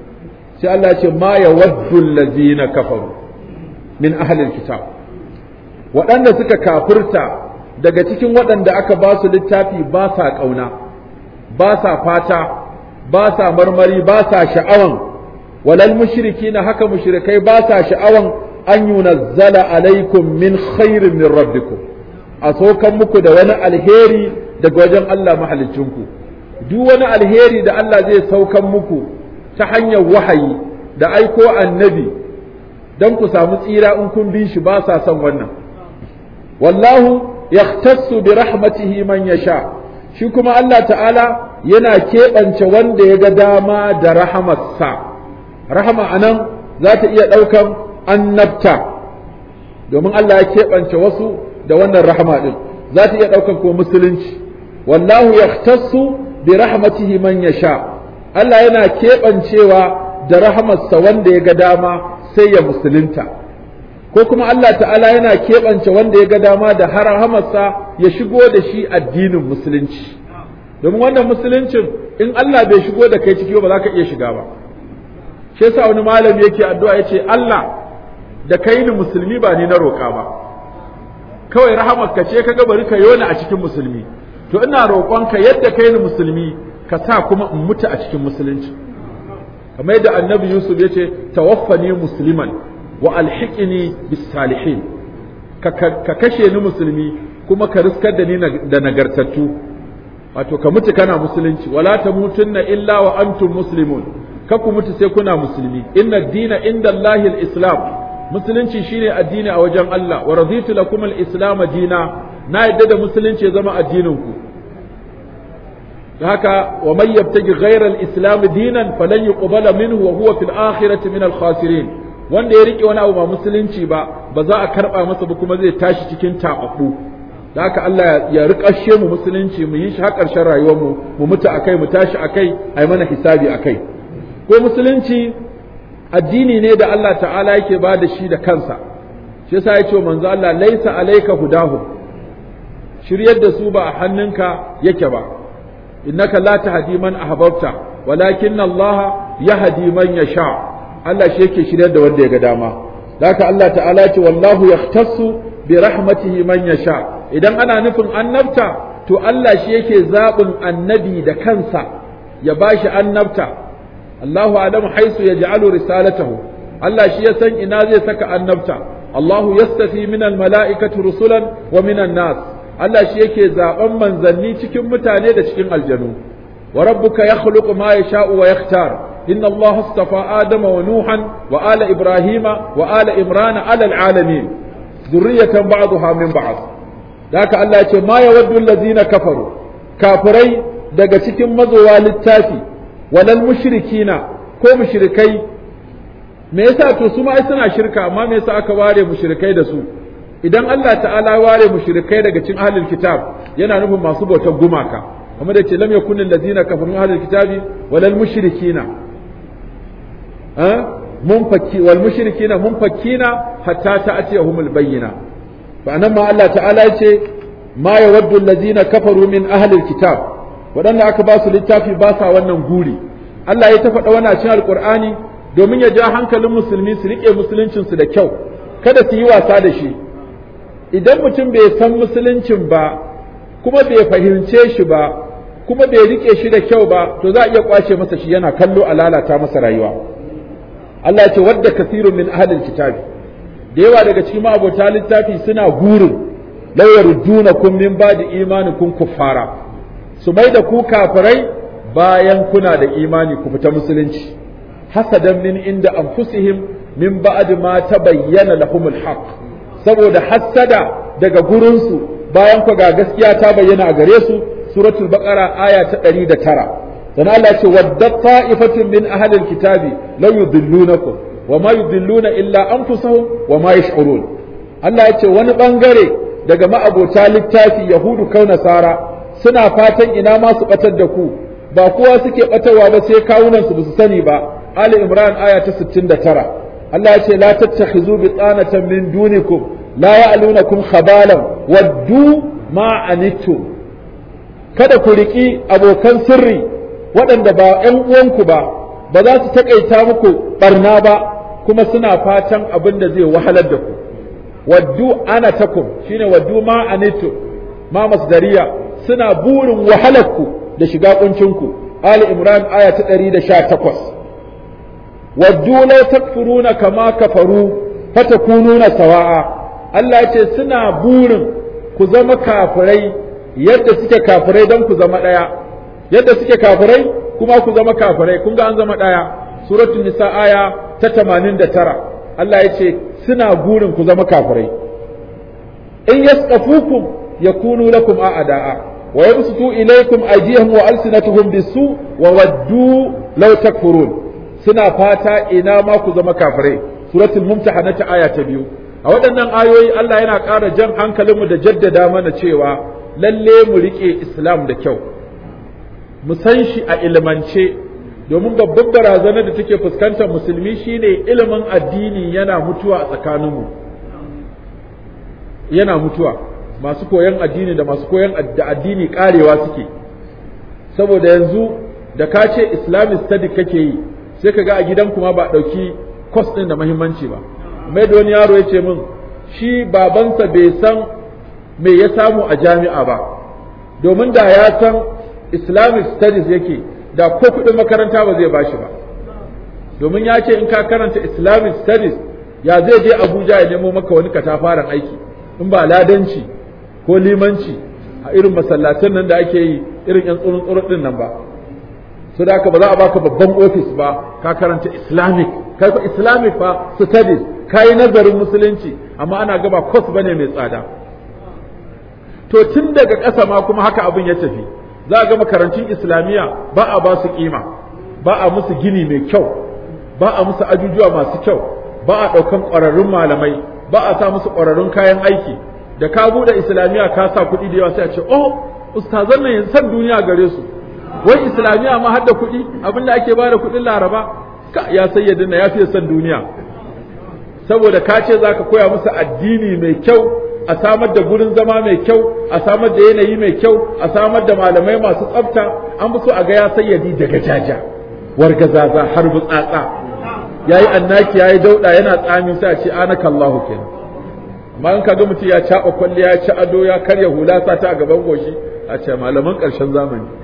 sai Allah ya ce ma yawaddu allazina kafaru min ahlil kitab waɗanda suka kafirta daga cikin waɗanda aka ba su littafi ba sa ƙauna ba sa fata ba sa marmari ba sa sha'awan walal mushriki na haka mushrikai ba sa sha'awan an yunazzala alaikum min khairin min rabbikum a sokan muku da wani alheri daga wajen Allah mahalicinku duk wani alheri da Allah zai saukan muku ta hanyar wahayi da aiko annabi don ku samu tsira in kun bi shi ba sa son wannan wallahu yahtassu bi rahmatihi man yasha shi kuma Allah ta'ala yana keɓance wanda ya ga dama da rahamarsa rahama anan za ta iya ɗaukan annabta domin Allah ya keɓance wasu da wannan rahama ɗin za ta iya ɗaukan ko musulunci wallahu yahtassu bi rahmatihi man yasha Allah yana keɓancewa da rahmarsa wanda ya ga dama sai ya musulunta ko kuma Allah ta'ala yana keɓance wanda ya ga dama da rahamarsa ya shigo da shi addinin musulunci domin wannan musuluncin in Allah bai shigo da kai ciki ba za ka iya shiga ba shi yasa wani malami yake addu'a ya ce Allah da kai ni musulmi ba ni na roƙa ba kawai rahamarka ce kaga bari ka yona a cikin musulmi to ina roƙonka yadda kai ni musulmi ka sa kuma in mutu a cikin musulunci kamar yadda annabi yusuf ya ce tawaffani musliman wa alhiqini bis salihin ka kashe ni musulmi kuma ka riskar da ni da nagartattu wato ka mutu kana musulunci wala tamutunna illa wa antum muslimun ka ku mutu sai kuna musulmi inna dina inda Allahil islam musulunci shine addini a wajen Allah wa raditu lakum al-islam dina na yadda da musulunci ya zama addinin ku haka wa man yabtaji ghayra al-islam dinan falan yuqbala minhu wa huwa fil akhirati min al-khasirin wanda ya rike wani abu ba musulunci ba ba za a karba masa ba kuma zai tashi cikin tababu haka Allah ya rikashe mu musulunci mu yi shi har karshen rayuwar mu mu mutu akai mu tashi akai ai mana hisabi akai ko musulunci addini ne da Allah ta'ala yake ba da shi da kansa shi yasa ya ce manzo Allah laisa alayka hudahum shiryar da su ba a hannunka yake ba innaka la tahdi man ahbabta walakin Allah yahdi man yasha Allah shi yake shiryar da wanda ya ga dama haka Allah ta'ala ce wallahu yahtassu bi rahmatihi man yasha idan ana nufin annabta to Allah shi yake zaɓin annabi da kansa ya bashi annabta Allahu alamu haisu ya yaj'alu risalatahu Allah shi ya san ina zai saka annabta Allahu yastafi minal mala'ikati rusulan wa minan nas Allah shi yake zaben manzanni cikin mutane da cikin aljanu wa rabbuka yakhluqu ma sha'u wa yaktar. inna Allah astafa Adama wa Nuhan wa ala Ibrahima wa ala imrana ala alalamin zurriyatan ba'daha min Da haka Allah ya ce ma yawaddu allazina kafaru kafirai daga cikin mazowa littafi walal mushrikina ko mushrikai me yasa to su ma suna shirka amma me yasa aka ware mushrikai da su idan Allah ta'ala ware mushrikai daga cikin ahlul kitab yana nufin masu bautar gumaka kuma da ce lam yakun allazina kafaru min ahlul kitabi walal mushrikina ha munfaki wal mushrikina munfakina hatta ta'tiyahumul bayyina fa anan ma Allah ta'ala yace ma yawaddu allazina kafaru min ahlul kitab wadanda aka ba su littafi ba sa wannan guri Allah ya ta faɗa wannan cikin alqur'ani domin ya ja hankalin musulmi su rike musuluncinsu da kyau kada su yi wasa da shi idan mutum bai san musuluncin ba kuma bai fahimce shi ba kuma bai rike shi da kyau ba to za a iya kwace masa shi yana kallo a lalata masa rayuwa Allah ce wadda kasirun min ahlil kitabi da yawa daga cikin ma'abota littafi suna gurin juna kun min ba'di kun kuffara su mai da ku kafirai bayan kuna da imani ku fita musulunci hasadan min inda anfusihim min ba'd ma tabayyana lahumul haqq saboda hassada daga gurinsu bayan ku ga gaskiya ta bayyana a gare su suratul baqara aya ta 109 dan Allah ce wadda ta'ifatun min ahli alkitabi la yudillunakum wama yudilluna illa anfusahum wama yash'urun Allah yace wani bangare daga ma'abota littafi yahudu kau nasara suna fatan ina ma su batar da ku ba kowa suke batarwa ba sai kawunan su basu sani ba Ali Imran aya ta 69 Allah ya ce la tattakhizu bi tsanatan min dunikum la ya'lunakum khabalan waddu ma kada ku riki abokan sirri waɗanda ba ƴan uwanku ba ba za su taƙaita muku barna ba kuma suna fatan abin da zai wahalar da ku waddu ana takum shine waddu ma anitu ma masdariya suna burin wahalar ku da shiga ƙuncin ku ali imran aya ta 118 waddu law takfuruna kama kafaru fatakununa sawa'a Allah ya ce suna burin ku zama kafirai yadda suke kafirai don ku zama ɗaya yadda suke kafirai kuma ku zama kafirai kun ga an zama ɗaya suratul nisa aya ta 89 Allah ya ce suna burin ku zama kafirai in yasqafukum yakunu lakum a'da'a wa yabsutu ilaykum ajihum wa alsinatuhum bisu wa waddu law takfurun suna fata ina ma ku zama kafirai suratul mumtahana ta aya ta biyu a waɗannan ayoyi Allah yana ƙara jan hankalinmu da jaddada mana cewa lalle mu riƙe islam da kyau mu san shi a ilmance domin babbar barazana da take fuskantar musulmi shine ilimin addini yana mutuwa a tsakaninmu yana mutuwa masu koyon addini da masu koyon addini karewa suke saboda yanzu da ka ce islamic study kake yi sai ka ga a gidan kuma ba ɗauki kwas ɗin da mahimmanci ba mai da wani yaro ya ce min shi babansa bai san me ya samu a jami'a ba domin da ya san islamic studies yake da ko kuɗin makaranta ba zai bashi ba domin ya ce in ka karanta islamic studies ya zai je abuja ya nemo maka wani katafaren aiki in ba ladanci ko limanci a irin masallatan nan da ake yi irin yan tsoron tsoron din nan ba sai da ba za a baka babban ofis ba ka karanta islamic kai ko islamic fa studies kai nazarin musulunci amma ana gaba course bane mai tsada to tun daga ƙasa ma kuma haka abin ya tafi za a ga makarantun islamiyya ba a ba su kima ba a musu gini mai kyau ba a musu ajujuwa masu kyau ba a ɗaukan ƙwararrun malamai ba a sa musu ƙwararrun kayan aiki da ka bude islamiyya ka sa kuɗi da yawa sai a ce oh ustazan nan yanzu san duniya gare su wai islamiyya ma hadda kuɗi abinda ake ba da kuɗin laraba ka ya sayyadin ya fi son duniya saboda ka ce za ka koya musu addini mai kyau a samar da gurin zama mai kyau a samar da yanayi mai kyau a samar da malamai masu tsafta an fi so a ga ya sayyadi daga jaja wargazaza har butsatsa yayi annaki yayi dauda yana tsami sai a ce anaka Allahu kenan amma in kaga mutum ya caɓa kwalliya ya ci ado ya karya hula sa ta a gaban goshi a ce malaman ƙarshen zamani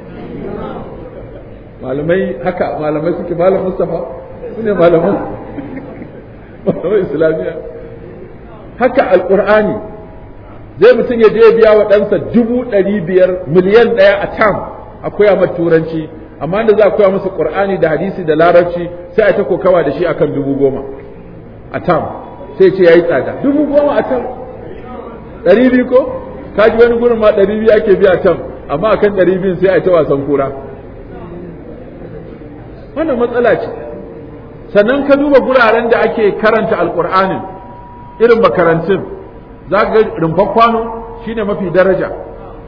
malamai haka malamai suke malam Mustafa su ne malaman malamai islamiyya haka alqur'ani zai mutum ya je biya wa ɗansa dubu ɗari biyar miliyan ɗaya a tam a koya turanci amma da za a koya masa ƙur'ani da hadisi da larabci sai a ta kokawa da shi akan dubu goma a tam sai ce ya yi tsada dubu goma a tam ɗari biyu ko kaji wani gurin ma ɗari biyu ake biya tam amma akan ɗari biyu sai a ta wasan kura wannan matsala ce sannan ka duba guraren da ake karanta alƙur'anin irin makarantun za ka ga rumfar kwano shine mafi daraja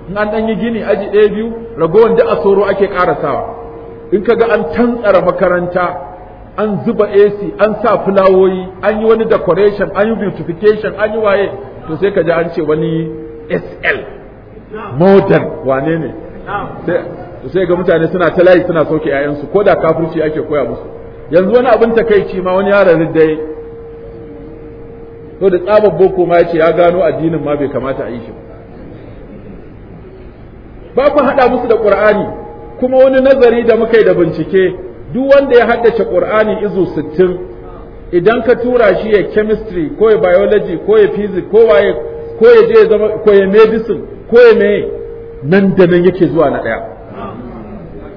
in an ɗan gini aji ɗaya biyu ragowar da a soro ake ƙarasawa in ka ga an tantsara makaranta an zuba AC an sa fulawoyi an yi wani decoration an yi beautification an yi waye to sai ka ji an ce wani SL modern wane ne to sai ga mutane suna ta layi suna soke ƴaƴansu ko da kafirci ake koya musu yanzu wani abin takaici ma wani yaron dai to da tsabar boko ma yace ya gano addinin ma bai kamata a yi shi ba ku haɗa musu da ƙur'ani kuma wani nazari da muka yi da bincike duk wanda ya haddace ƙur'ani izu sittin idan ka tura shi ya chemistry ko ya biology ko ya physics ko waye ko ya je zama ko ya medicine ko ya me nan da nan yake zuwa na ɗaya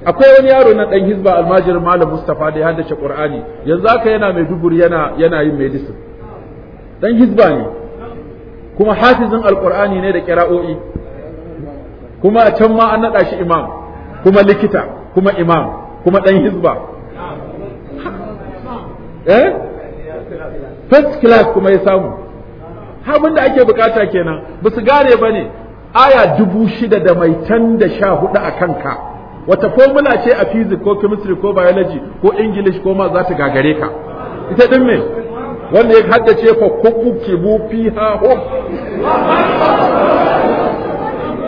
akwai wani yaro na dan hizba almajirin malam mustafa da ya haddace qur'ani yanzu haka yana mai duburi yana yana yin medicine dan hizba ne kuma hafizin alqur'ani ne da kira'o'i. kuma a can ma an nada shi imam kuma likita kuma imam kuma dan hizba eh first class kuma ya samu abin da ake bukata kenan ba su gane ba ne aya dubu shida da mai can da sha hudu a kanka wata formula ce a physics ko chemistry ko biology ko english ko ma za ta gagare ka ita din me wanda ya haddace fa kubu kibu fiha ho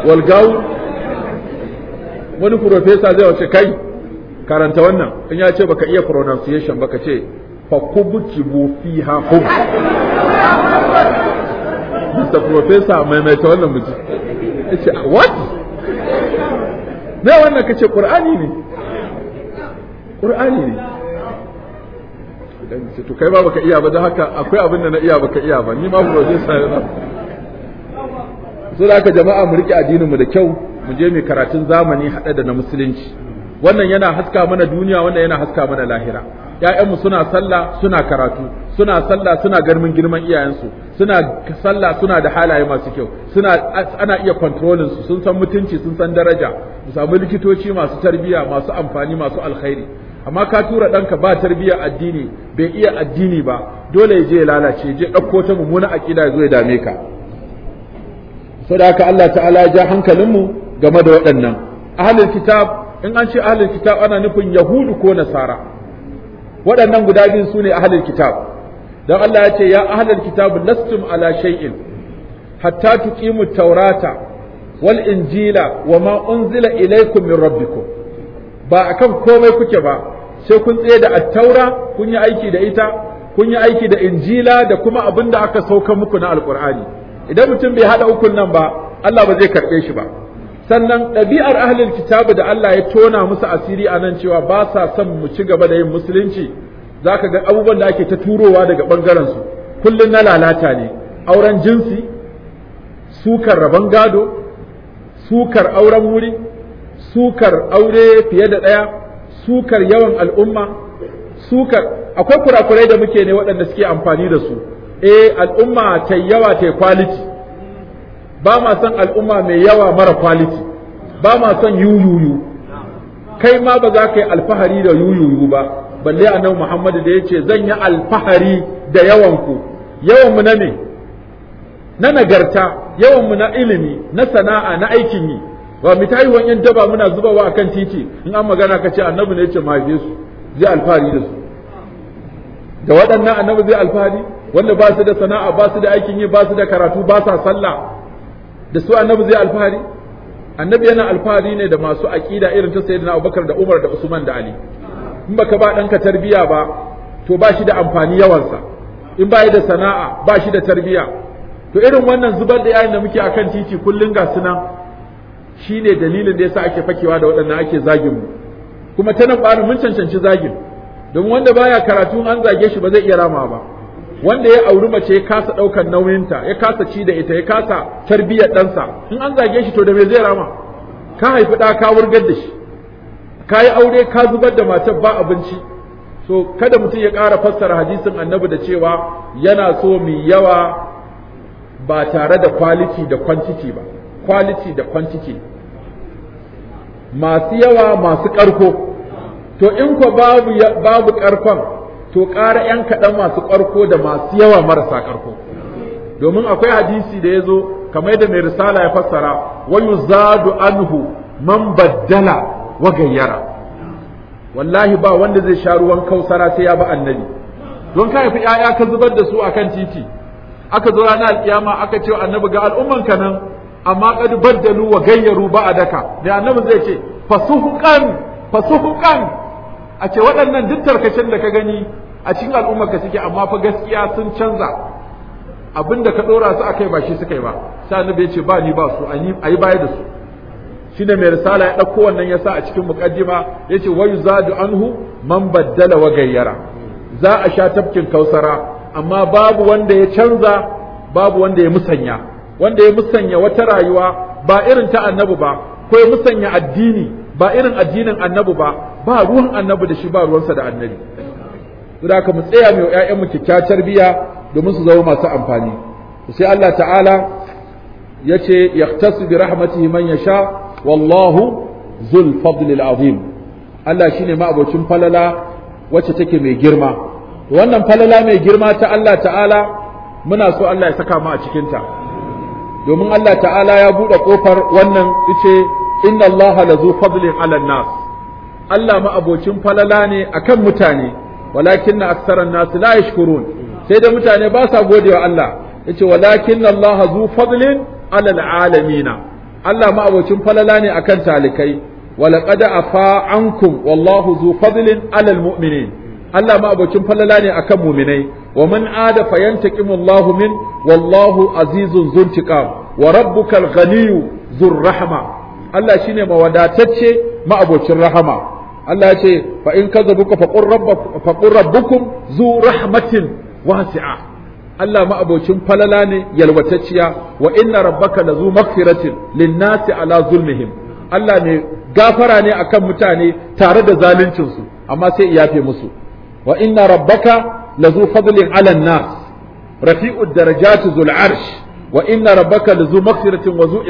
wal wani professor zai wace kai karanta wannan in ya ce baka iya pronunciation baka ce fa kubu kibu fiha ho Mr. Professor maimaita wannan mutum. Ya what? na wannan kace qur'ani ne qur'ani ne Idan ce to kai ba baka iya ba dan haka akwai abin da na iya baka iya ba ni ma ba zai sai ba sai haka jama'a mu rike addinin mu da kyau mu je mai karatun zamani hada da na musulunci wannan yana haska mana duniya wannan yana haska mana lahira ‘ya'yanmu suna sallah suna karatu suna sallah suna garmin girman iyayensu suna sallah suna da halaye masu kyau suna ana iya kontrolin su sun san mutunci sun san daraja mu samu likitoci masu tarbiya masu amfani masu alkhairi amma ka tura ɗanka ba tarbiya addini bai iya addini ba dole ya je ya lalace je ɗauko ta mummuna aƙida ya zo ya dame ka saboda haka Allah ta'ala ya ja hankalinmu game da waɗannan ahlul kitab in an ce ahlul kitab ana nufin yahudu ko nasara waɗannan guda biyun su ne ahlul kitab dan Allah ya ce ya ahlul kitab lastum ala shay'in hatta tuqimu taurata wal injila wa ma unzila ilaykum min rabbikum ba akan komai kuke ba sai kun tsaye da attaura kun yi aiki da ita kun yi aiki da injila da kuma abin da aka sauka muku na alqur'ani idan mutum bai hada ukun nan ba Allah ba zai karbe shi ba sannan ɗabi'ar ahlul kitabu da Allah ya tona musu asiri a nan cewa ba sa son mu ci gaba da yin musulunci zaka ga abubuwan da ake ta turowa daga bangaren su kullun na lalata ne auren jinsi sukar rabon gado sukar auren wuri sukar aure fiye da ɗaya sukar yawan al'umma sukar akwai kurakurai da muke ne waɗanda suke amfani da su eh al'umma ta yawa ta quality ba ma son al'umma mai yawa mara quality ba ma son yuyuyu kai ma ba za ka yi alfahari da yuyuyu ba balle annabi Muhammadu da yace zan yi alfahari da yawan ku yawan mu na me na nagarta yawan na ilimi na sana'a na aikin yi ba mu ta haihuwan yan daba muna zubawa akan titi in an magana ka ce annabi ne ce mafi su zai alfahari da su da waɗannan annabi zai alfahari wanda ba su da sana'a ba su da aikin yi ba su da karatu ba sa sallah da su annabi zai alfahari annabi yana alfahari ne da masu aƙida irin ta sayyidina Abubakar da Umar da Usman da Ali in baka ba ɗanka tarbiya ba to ba shi da amfani yawansa in ba da sana'a ba shi da tarbiya to irin wannan zubar da yayin da muke akan titi kullun ga suna shine dalilin da yasa ake fakewa da waɗannan ake zagin mu kuma ta nan mun cancanci zagin domin wanda baya karatu an zage shi ba zai iya rama ba wanda ya auri mace ya kasa ɗaukar nauyinta ya kasa ci da ita ya kasa tarbiyyar ɗansa in an zage shi to da me zai rama ka haifi ɗa ka wurgar da shi ka yi aure ka zubar da matar ba abinci so kada mutum ya ƙara fassara hadisin annabi da cewa yana so mai yawa ba tare da quality da quantity ba quality da quantity masu yawa masu ƙarko to in ko babu babu to ƙara ‘yan kaɗan masu ƙarko da masu yawa marasa ƙarko domin akwai hadisi da ya zo kamar yadda mai risala ya fassara wa yuzadu anhu man baddala wa gayyara wallahi ba wanda zai sha ruwan kausara sai ya ba annabi don ka haifi ‘ya'ya ka zubar da su akan titi aka zo ranar alƙiyama aka ce annabi ga al'umman ka nan amma kad baddalu wa gayyaru daka da annabi zai ce fasuhuqan fasuhuqan a ce waɗannan duk da ka gani a cikin al'ummar ka suke amma fa gaskiya sun canza abinda ka dora su akai ba shi suka yi ba sai annabi ya ce ba ni ba su ayi baya da su shine mai risala ya ɗauko wannan yasa a cikin muqaddima yace wayu zadu anhu man baddala wa gayyara za a sha tafkin kausara amma babu wanda ya canza babu wanda ya musanya wanda ya musanya wata rayuwa ba irin ta annabi ba ko ya musanya addini ba irin addinin annabi ba ba ruwan annabi da shi ba ruwansa da annabi saboda ka mu tsaya mu ƴaƴanmu kikkiatar biya domin su zama masu amfani sai Allah ta'ala yace yahtasu bi rahmatihi man yasha wallahu zul fadlil azim Allah shine ma'abocin falala wacce take mai girma wannan falala mai girma ta Allah ta'ala muna so Allah ya saka mu a cikinta domin Allah ta'ala ya buɗe ƙofar wannan ice inna Allah la zu fadlin ala nas Allah ma'abocin falala ne akan mutane walakin aksaran nas la yashkurun sai da mutane ba sa godewa Allah yace walakin Allah zu fadlin ala alalamina Allah ma'abocin falala ne akan talikai ولقد afa ankum wallahu zu fadlin alal mu'minin Allah ma falala ne akan muminai wa man ada fayanta Allahu min wallahu azizun zuntiqam wa rabbukal ganiyu zur rahma Allah shine mawadatacce ma rahama Allah ce fa in kadzabuka fa qur rabbukum zu rahmatin wasi'a Allah ma falala ne yalwatacciya wa inna rabbaka lazu maghfiratin lin-nasi ala zulmihim Allah ne gafara ne akan mutane tare da zaluncinsu amma sai iyafe musu wa inna rabbaka lazu fadlin ala na rafi'u darajati zul arsh wa inna rabbaka lazu maghfiratin wa zu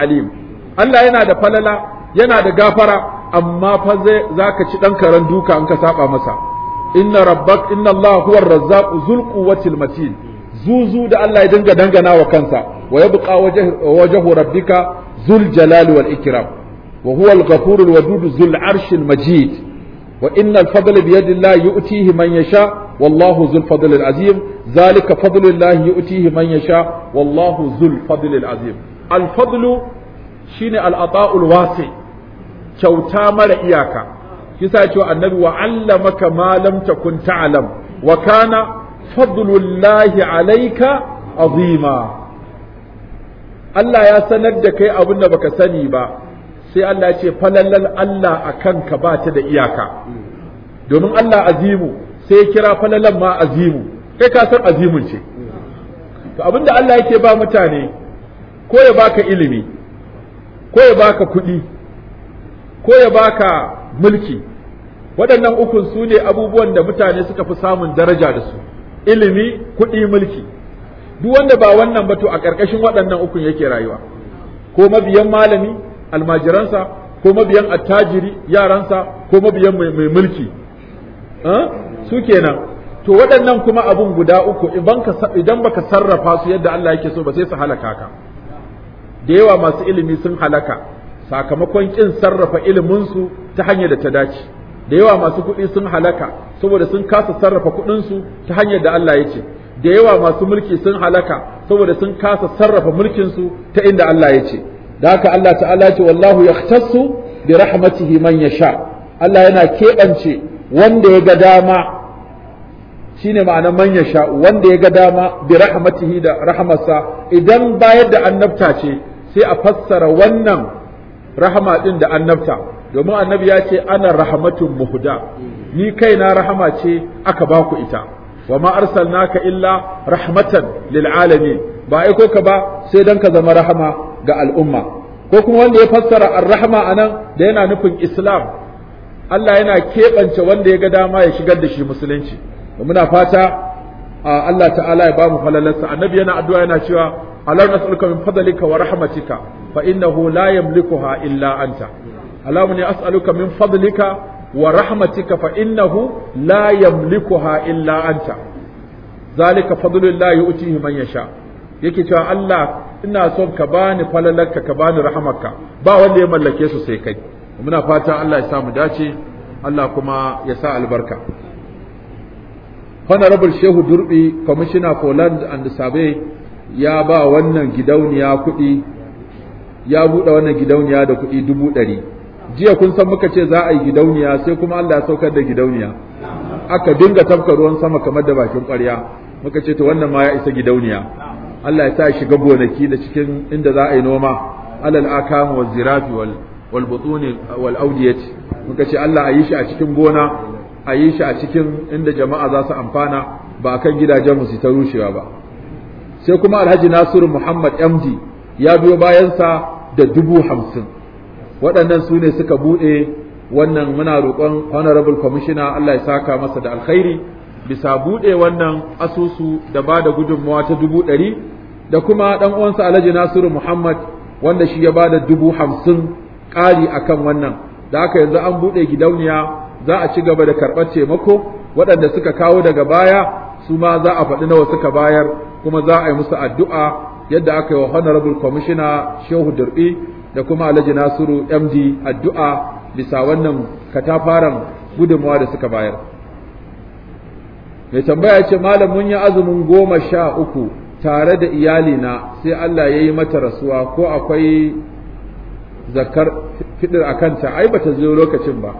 alim Allah yana da falala yana da gafara amma fa zai zaka ci ɗan karan duka in ka saba masa inna rabbak inna Allah huwa ar-razzaq zul quwwatil matin zuzu da Allah ya dinga dangana wa kansa wa yabqa wajhu rabbika zul jalali wal ikram wa huwa al-ghafurul zul arshil majid وإن الفضل بيد الله يؤتيه من يشاء والله ذو الفضل العظيم ذلك فضل الله يؤتيه من يشاء والله ذو الفضل العظيم الفضل شيني العطاء الواسع kyauta mara iyaka kisa cewa annabi wa allamaka ma lam takun ta'lam wa kana fadlullahi alaika? azima Allah ya sanar da kai abin da baka sani ba sai Allah ya ce falallan Allah a kanka ba ta da iyaka domin Allah azimu sai ya kira falallan ma azimu kai ka san azimun ce to abinda Allah yake ba mutane ko ya baka ilimi ko ya baka kuɗi ko ya baka mulki waɗannan ukun su ne abubuwan da mutane suka fi samun daraja da su ilimi kuɗi mulki duk wanda ba wannan ba to a ƙarƙashin waɗannan ukun yake rayuwa ko mabiyan malami almajiransa ko mabiyan attajiri yaransa ko mabiyan mai mulki su kenan to waɗannan kuma abun guda uku idan baka sarrafa su yadda Allah yake so ba sai su halaka ka da yawa masu ilimi sun halaka sakamakon kin sarrafa iliminsu ta hanyar da ta dace da yawa masu kuɗi sun halaka saboda sun kasa sarrafa kuɗinsu ta hanyar da Allah ya ce da yawa masu mulki sun halaka saboda sun kasa sarrafa mulkinsu ta inda Allah ya ce da haka Allah ta'ala ce wallahu yahtassu bi rahmatihi man yasha Allah yana keɓance wanda ya ga dama ne ma'anar man yasha wanda ya ga dama bi rahmatihi da rahmasa idan bayar da annabta ce sai a fassara wannan rahama din da annabta domin annabi ya ce ana rahmatun muhda ni kaina rahama ce aka baku ita wa ma arsalnaka illa rahmatan lil alamin ba aiko ka ba sai dan ka zama rahama ga al'umma ko kuma wanda ya fassara arrahma rahma anan da yana nufin islam Allah yana keɓance wanda ya ga dama ya shigar da shi musulunci muna fata Allah ta'ala ya bamu falalarsa annabi yana addu'a yana cewa Allah nas'aluka min fadlika wa rahmatika fa innahu la yamlikuha illa anta Allahumma ni as'aluka min fadlika wa rahmatika fa innahu la yamlikuha illa anta zalika fadlullahi yu'tihi man yasha' yake cewa Allah ina son ka bani falalarka ka bani rahamarka ba wanda ya mallake su sai kai muna fatan Allah ya mu dace Allah kuma ya sa albarka honorable shehu durbi commissioner for land and survey ya ba wannan gidauniya kuɗi ya buɗe wannan gidauniya da kuɗi dubu ɗari jiya kun san muka ce za a yi gidauniya sai kuma Allah ya saukar da gidauniya aka dinga tafka ruwan sama kamar da bakin ƙwarya muka ce to wannan ma ya isa gidauniya Allah ya sa shiga gonaki da cikin inda za a yi noma alal akam wa zirafi wal wal butun wal awdiyati muka ce Allah a yi shi a cikin gona a yi shi a cikin inda jama'a za su amfana ba kan gidajen mu su ta rushewa ba sai kuma Alhaji Nasiru Muhammad MD ya biyo bayansa da dubu hamsin waɗannan su ne suka buɗe wannan muna roƙon honorable commissioner Allah ya saka masa da alkhairi bisa buɗe wannan asusu da ba da gudunmawa ta dubu ɗari da kuma ɗan uwansa Alhaji Nasiru Muhammad wanda shi ya ba da dubu hamsin ƙari akan wannan da haka yanzu an buɗe gidauniya za a ci gaba da karɓar taimako waɗanda suka kawo daga baya su ma za a faɗi nawa suka bayar kuma za a yi musu addu'a yadda aka yi wa honorable commissioner shehu durbi da kuma alhaji nasiru md addu'a bisa wannan katafaren gudunmawa da suka bayar mai tambaya ce malam mun yi azumin goma sha uku tare da iyalina sai Allah ya yi mata rasuwa ko akwai zakar fidir a kanta ai bata zo lokacin ba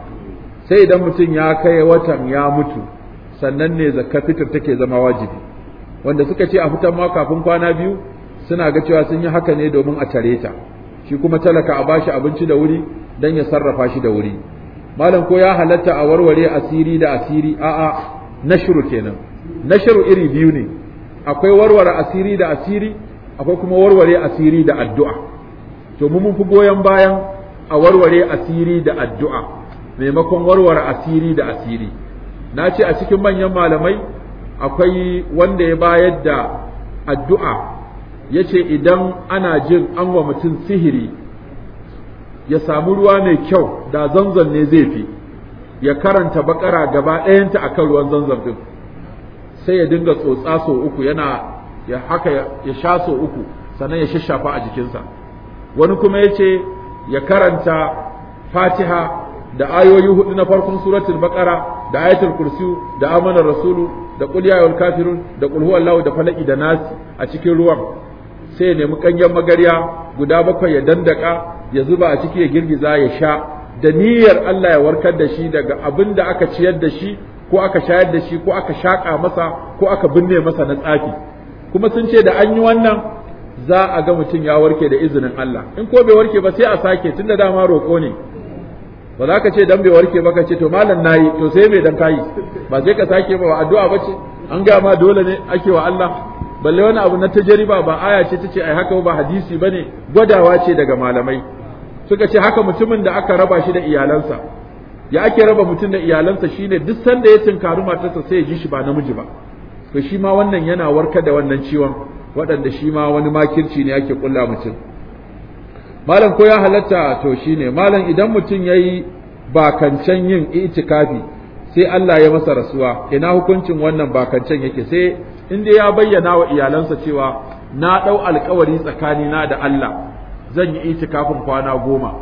sai idan mutum ya kai watan ya mutu sannan ne zakar fitir take zama wajibi wanda suka ce a fitan ma kafin kwana biyu suna ga cewa sun yi haka ne domin a tare ta shi kuma talaka a bashi abinci da wuri dan ya sarrafa shi da wuri malam ko ya halatta a warware asiri da asiri a'a nashru kenan nashru iri biyu ne akwai warware asiri da asiri akwai kuma warware asiri da addu'a to mu mun fi goyon bayan a warware asiri da addu'a maimakon warware asiri da asiri na ce a cikin manyan malamai akwai wanda ya bayar da addu'a ya ce idan ana jin an wa mutum sihiri ya samu ruwa mai kyau da zanzan ne zai fi ya karanta bakara gaba ɗayanta a kan ruwan zanzan ɗin sai ya dinga tsotsa so uku yana ya haka ya sha sau uku sannan ya shashafa a jikinsa wani kuma ya ce ya karanta fatiha da ayoyi hudu na farkon suratul baqara da ayatul kursi da amanar rasulu da qul ya ayyuhal kafirun da qul huwallahu da falaki da nas a cikin ruwan sai ya nemi kanyen magarya guda bakwai ya dandaka ya zuba a ciki ya girgiza ya sha da niyyar Allah ya warkar da shi daga abin da aka ciyar da shi ko aka shayar da shi ko aka shaƙa masa ko aka binne masa na tsafi kuma sun ce da an yi wannan za a ga mutum ya warke da izinin Allah in ko bai warke ba sai a sake tun da dama roƙo ne ba za ka ce dan bai warke ba ka ce to malam nayi to sai mai dan kayi ba sai ka sake ba addu'a ba ce an ga ma dole ne ake wa Allah balle wani abu na tajriba ba aya ce tace ai haka ba hadisi bane gwadawa ce daga malamai suka ce haka mutumin da aka raba shi da iyalansa ya ake raba mutum da iyalansa shine duk sanda ya tinkaru matarsa sai ya ji shi ba namiji ba to shi ma wannan yana warka da wannan ciwon waɗanda shi ma wani makirci ne ake kulla mutum malam ko ya halatta to shine malam idan mutum yayi bakancan yin itikafi sai Allah ya masa rasuwa ina hukuncin wannan bakancan yake sai in dai ya bayyana wa iyalansa cewa na ɗau alkawari na da Allah zan yi itikafin kwana goma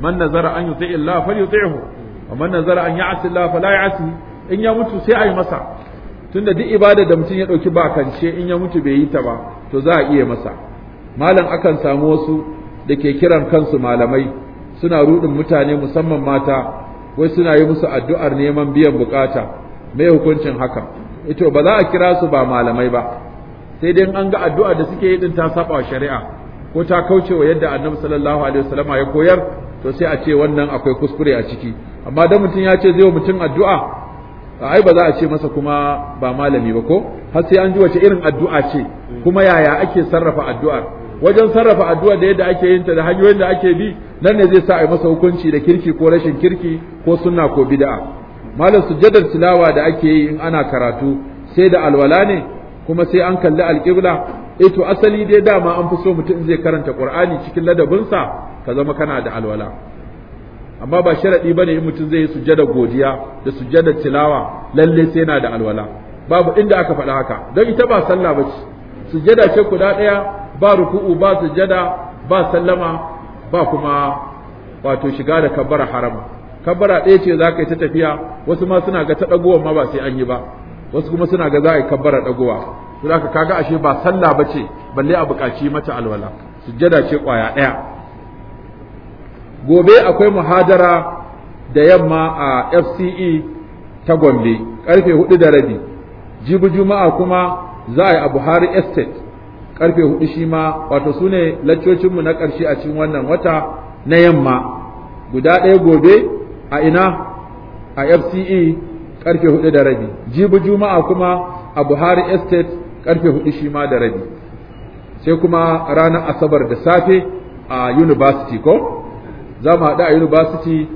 man nazara an yuti illa yuti'hu amma nazara an fa Allah ya asi in ya mutu sai a yi masa tunda duk ibada da mutum ya ɗauki ba kance in ya mutu bai yi ta ba to za a iya masa malam akan samu wasu da ke kiran kansu malamai suna ruɗin mutane musamman mata wai suna yi musu addu'ar neman biyan bukata mai hukuncin haka ito ba za a kira su ba malamai ba sai dai an ga addu'a da suke yi din ta saba shari'a ko ta kauce wa yadda annabi sallallahu alaihi wasallam ya koyar to sai a ce wannan akwai kuskure a ciki amma dan mutum ya ce zai mutum addu'a ai ba za a ce masa kuma ba malami ba ko har sai an ji wace irin addu'a ce kuma yaya ake sarrafa addu'ar wajen sarrafa addu'a da yadda ake yin ta da hanyoyin da ake bi nan ne zai sa a yi masa hukunci da kirki ko rashin kirki ko sunna ko bid'a malam sujjadar tilawa da ake yi in ana karatu sai da alwala ne kuma sai an kalli alƙibla eh to asali dai dama an fi so mutum zai karanta qur'ani cikin ladabinsa ka zama kana da alwala amma ba sharadi bane in mutum zai yi sujjada godiya da sujjada tilawa lalle sai yana da alwala babu inda aka faɗa haka don ita ba sallah ba ce sujjada ce kuda ɗaya ba ruku'u ba sujjada ba sallama ba kuma wato shiga da kabbara harama kabbara ɗaya ce za ka yi ta tafiya wasu ma suna ga ta ɗagowar ma ba sai an yi ba wasu kuma suna ga za a yi kabbara ɗagowa to ka kaga ashe ba sallah bace balle a buƙaci mata alwala sujjada ce kwaya ɗaya gobe akwai muhadara da yamma a FCE ta Gombe ƙarfe hudu da rabi Jibu juma'a kuma za a yi a Buhari Estate ƙarfe hudu shi ma wato sune laccocinmu na ƙarshe a cikin wannan wata na yamma guda ɗaya gobe a ina a FCE karfe hudu da rabi Jibu juma'a kuma a Buhari Estate karfe hudu shi ma da rabi sai kuma ranar asabar da safe a university ko za mu haɗu a university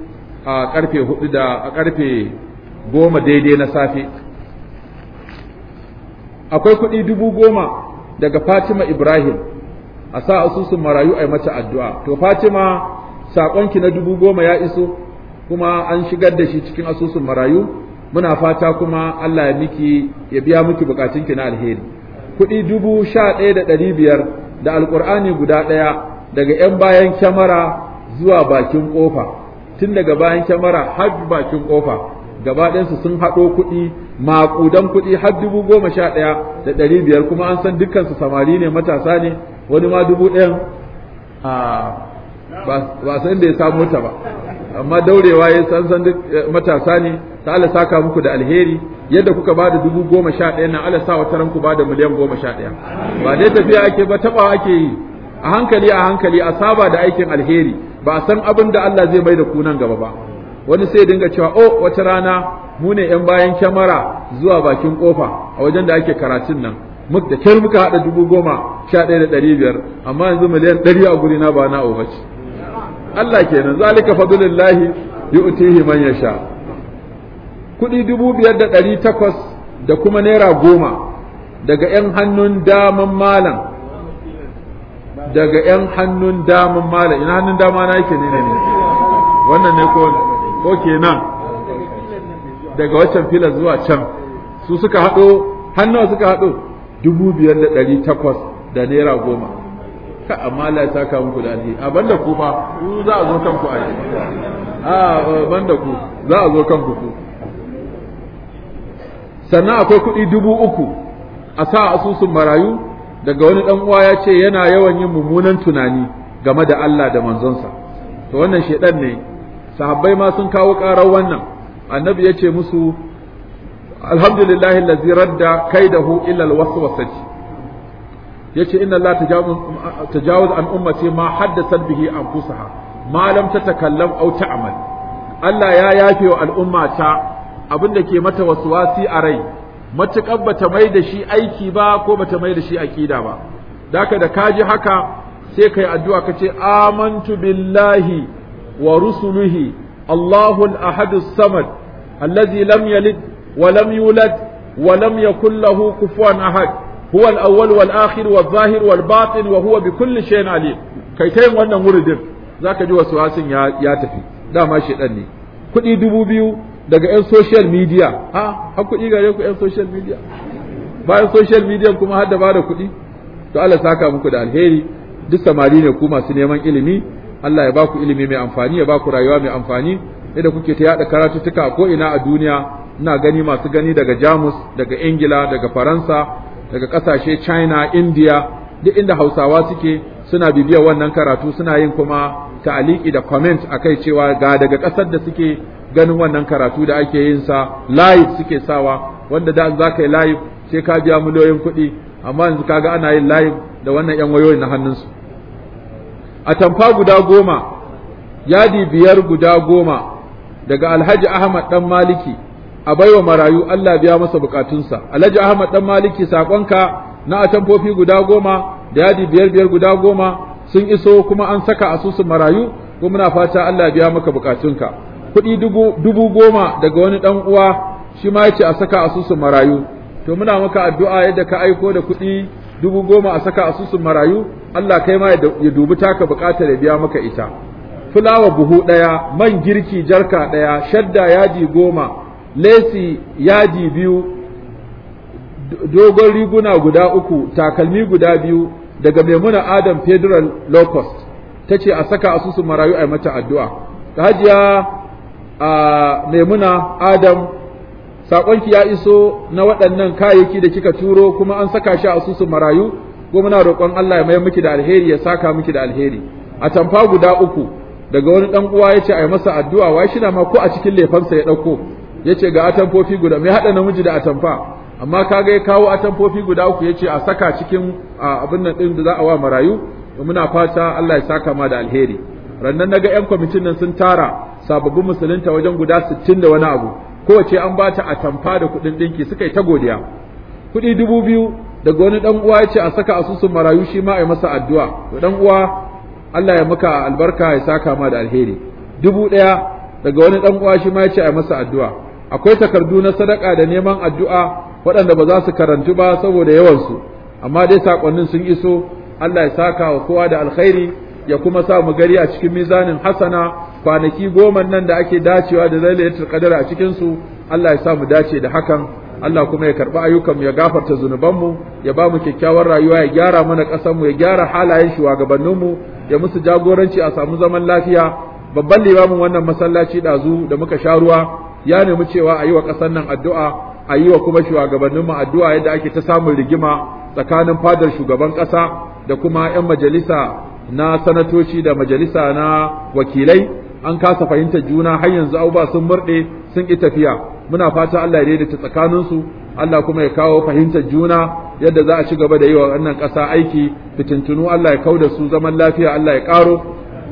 a karfe hudu da a karfe goma daidai na safe akwai kuɗi dubu goma daga fatima ibrahim a sa asusun marayu a mace addu'a to fatima saƙonki na dubu goma ya iso kuma an shigar da shi cikin asusun marayu muna fata kuma allah ya miki ya biya miki bukatunki na alheri kuɗi dubu sha ɗaya da ɗari biyar da alƙur'ani guda ɗaya daga 'yan bayan kyamara zuwa bakin ƙofa tun daga bayan kyamara har bakin ƙofa gaba ɗayansu sun haɗo kuɗi maƙudan kuɗi har dubu goma sha ɗaya da ɗari biyar kuma an san dukkansu samari ne matasa ne wani ma dubu ɗayan ba san da ya samu ta ba amma daurewa ya san san eh, matasa ne ta Allah saka muku da alheri yadda kuka ba da dubu goma sha ɗaya na Allah sa wa taranku ba da miliyan goma sha ɗaya ba dai tafiya ake ba taɓa ake yi a hankali a hankali a saba da aikin alheri ba a san abin da Allah zai mai da ku nan gaba ba wani sai dinga cewa oh wata rana mu ne yan bayan kyamara zuwa bakin kofa a wajen da ake karatun nan muk da kyar muka haɗa dubu goma sha ɗaya da ɗari biyar amma yanzu miliyan ɗari a guri na ba na obaci Allah kenan zalika fadlullahi yu'tihi man yasha kudi dubu biyar da ɗari takwas da kuma naira goma daga ƴan hannun daman malam daga ƴan hannun daman malam ina hannun dama na yake ne ne wannan ne ko ko kenan daga waccan filar zuwa can su suka haɗo hannuwa suka haɗo dubu biyar da ɗari takwas da naira goma ka amma la ta ka muku da alheri a banda ku fa za a zo kanku a a banda ku za a zo kanku ku sannan akwai kuɗi dubu uku a sa asusun marayu daga wani ɗan uwa ya ce yana yawan yin mummunan tunani game da Allah da manzonsa to wannan shedan ne sahabbai ma sun kawo ƙarar wannan annabi ya ce musu alhamdulillahi allazi radda kaidahu illa alwaswasati yace inna la tajawuz an ummati ma haddathat bihi anfusaha ma lam tatakallam aw ta'mal Allah ya yafe wa al'umma ta abin da ke mata wasi a rai matuƙar bata mai da shi aiki ba ko bata mai da shi aƙida ba daka da kaji haka sai kai addu'a kace amantu billahi wa rusulihi Allahu al-ahad as-samad allazi lam yalid wa lam yulad wa lam yakul lahu kufuwan ahad huwa al-awwal wal akhir wal zahir wal batin wa huwa bi kulli alim kai kai wannan wuridin zaka ji wasu hasin ya ya tafi dama shedan ne kuɗi dubu biyu daga yan social media ha har kuɗi gare ku yan social media bayan social media kuma har da bada kuɗi to Allah saka muku da alheri duk samari ne ku masu neman ilimi Allah ya baku ilimi mai amfani ya baku rayuwa mai amfani inda kuke ta yada karatuttuka a ina a duniya ina gani masu gani daga Jamus daga Ingila daga Faransa daga kasashe China India duk inda Hausawa suke suna bibiyar wannan karatu suna yin kuma ta'aliki da comment akai cewa ga daga ƙasar da suke ganin wannan karatu da ake yin sa live suke sawa wanda da za ka yi live sai ka biya miliyoyin kuɗi amma yanzu kaga ana yin live da wannan yan wayoyin na hannunsu a tamfa guda goma yadi biyar guda goma daga alhaji ahmad dan maliki a baiwa marayu Allah biya masa bukatunsa Alhaji Ahmad dan Maliki sakonka na atamfofi guda goma da yadi biyar biyar guda goma sun iso kuma an saka asusun marayu ko muna fata Allah biya maka bukatunka kuɗi dubu dubu goma daga wani dan uwa shi ma yace a saka asusun marayu to muna maka addu'a yadda ka aiko da kuɗi dubu goma a saka asusun marayu Allah kai ma ya dubi taka bukatar ya biya maka ita fulawa buhu ɗaya man girki jarka ɗaya shadda yadi goma lesi yadi biyu dogon riguna guda uku takalmi guda biyu daga maimuna adam federal locust ta ce a saka asusun marayu a mata addu'a ta hajiya a maimuna adam saƙonki ya iso na waɗannan kayayyaki da kika turo kuma an saka shi a asusun marayu kuma na roƙon Allah ya mai miki da alheri ya saka miki da alheri a tamfa guda uku daga wani ɗan uwa ya ce a yi masa addu'a wai shi na ma ko a cikin lefansa ya ɗauko yace ga atamfofi guda mai hada namiji da atamfa amma kaga ya kawo atamfofi guda uku yace a saka cikin abin nan din da za a wa marayu muna fata Allah ya saka ma da alheri rannan naga yan kwamitin nan sun tara sababbin musulunta wajen guda 60 da wani abu kowace an bata atamfa da kudin dinki suka yi ta godiya kudi dubu biyu daga wani dan uwa yace a saka asusun marayu shi ma a masa addu'a to dan uwa Allah ya maka albarka ya saka ma da alheri dubu daya daga wani dan uwa shi ma yace a masa addu'a akwai takardu na sadaka da neman addu'a waɗanda ba za su karantu ba saboda yawansu amma dai saƙonnin sun iso Allah ya saka wa kowa da alkhairi ya kuma sa mu gari a cikin mizanin hasana kwanaki goma nan da ake dacewa da zailatul qadar a cikin su Allah ya sa mu dace da hakan Allah kuma ya karɓi ayyukan ya gafarta zunubanmu ya ba mu kyakkyawar rayuwa ya gyara mana ƙasar mu ya gyara halayen shugabanninmu mu ya musu jagoranci a samu zaman lafiya babban limamin wannan masallaci dazu da muka sha ruwa ya nemi cewa a yi wa ƙasar nan addu'a a yi wa kuma shugabanninmu addu'a yadda ake ta samun rigima tsakanin fadar shugaban ƙasa da kuma 'yan majalisa na sanatoci da majalisa na wakilai an kasa fahimtar juna har yanzu auba sun murɗe sun ƙi tafiya muna fata Allah ya daidaita tsakaninsu Allah kuma ya kawo fahimtar juna yadda za a ci gaba da yi wa wannan ƙasa aiki fitintunu Allah ya kau da su zaman lafiya Allah ya ƙaro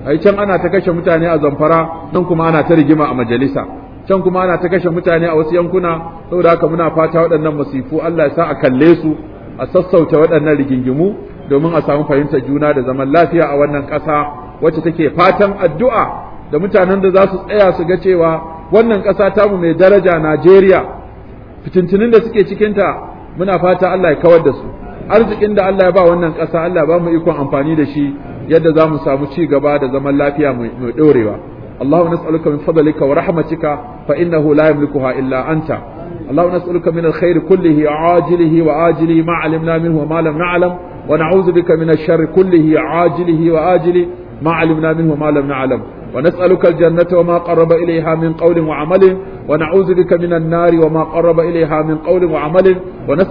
A can ana ta kashe mutane a zamfara nan kuma ana ta rigima a majalisa can kuma ana ta kashe mutane a wasu yankuna saboda haka muna fata waɗannan masifu Allah ya sa a kalle su a sassauta waɗannan rigingimu domin a samu fahimtar juna da zaman lafiya a wannan ƙasa wacce take fatan addu'a da mutanen da za su tsaya su ga cewa wannan ƙasa mu mai daraja Najeriya fitintunin da suke cikinta muna fata Allah ya kawar da su arzikin da Allah ya ba wannan ƙasa Allah ya ba mu ikon amfani da shi yadda za mu samu ci gaba da zaman lafiya mai ɗorewa. Allah na sauka min fadla lika wa rahmatika fa innahu la hula yamma kuhwa illa anta. Allah na sauka mina kharibin ku lafiya wa'azurrihi ma calim na a min ma malam na Wa na cauzuka min karribi ku lafiya wa'azurrihi ma calim na a ma malam na Wa na sauka jannatawa ma karraba illahai min kawunin wa amalin. Wa na cauzuka minan Nari wa ma karraba illahai min kawunin wa amalin. Wa na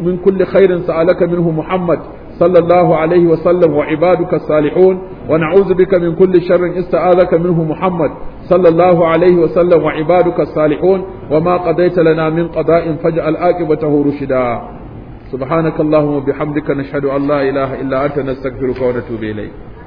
min kun liha xerinsa alaka Muhammad. صلى الله عليه وسلم وعبادك الصالحون ونعوذ بك من كل شر استعاذك منه محمد صلى الله عليه وسلم وعبادك الصالحون وما قضيت لنا من قضاء فاجعل عاقبته رشدا سبحانك اللهم وبحمدك نشهد أن لا إله إلا أنت نستغفرك ونتوب إليك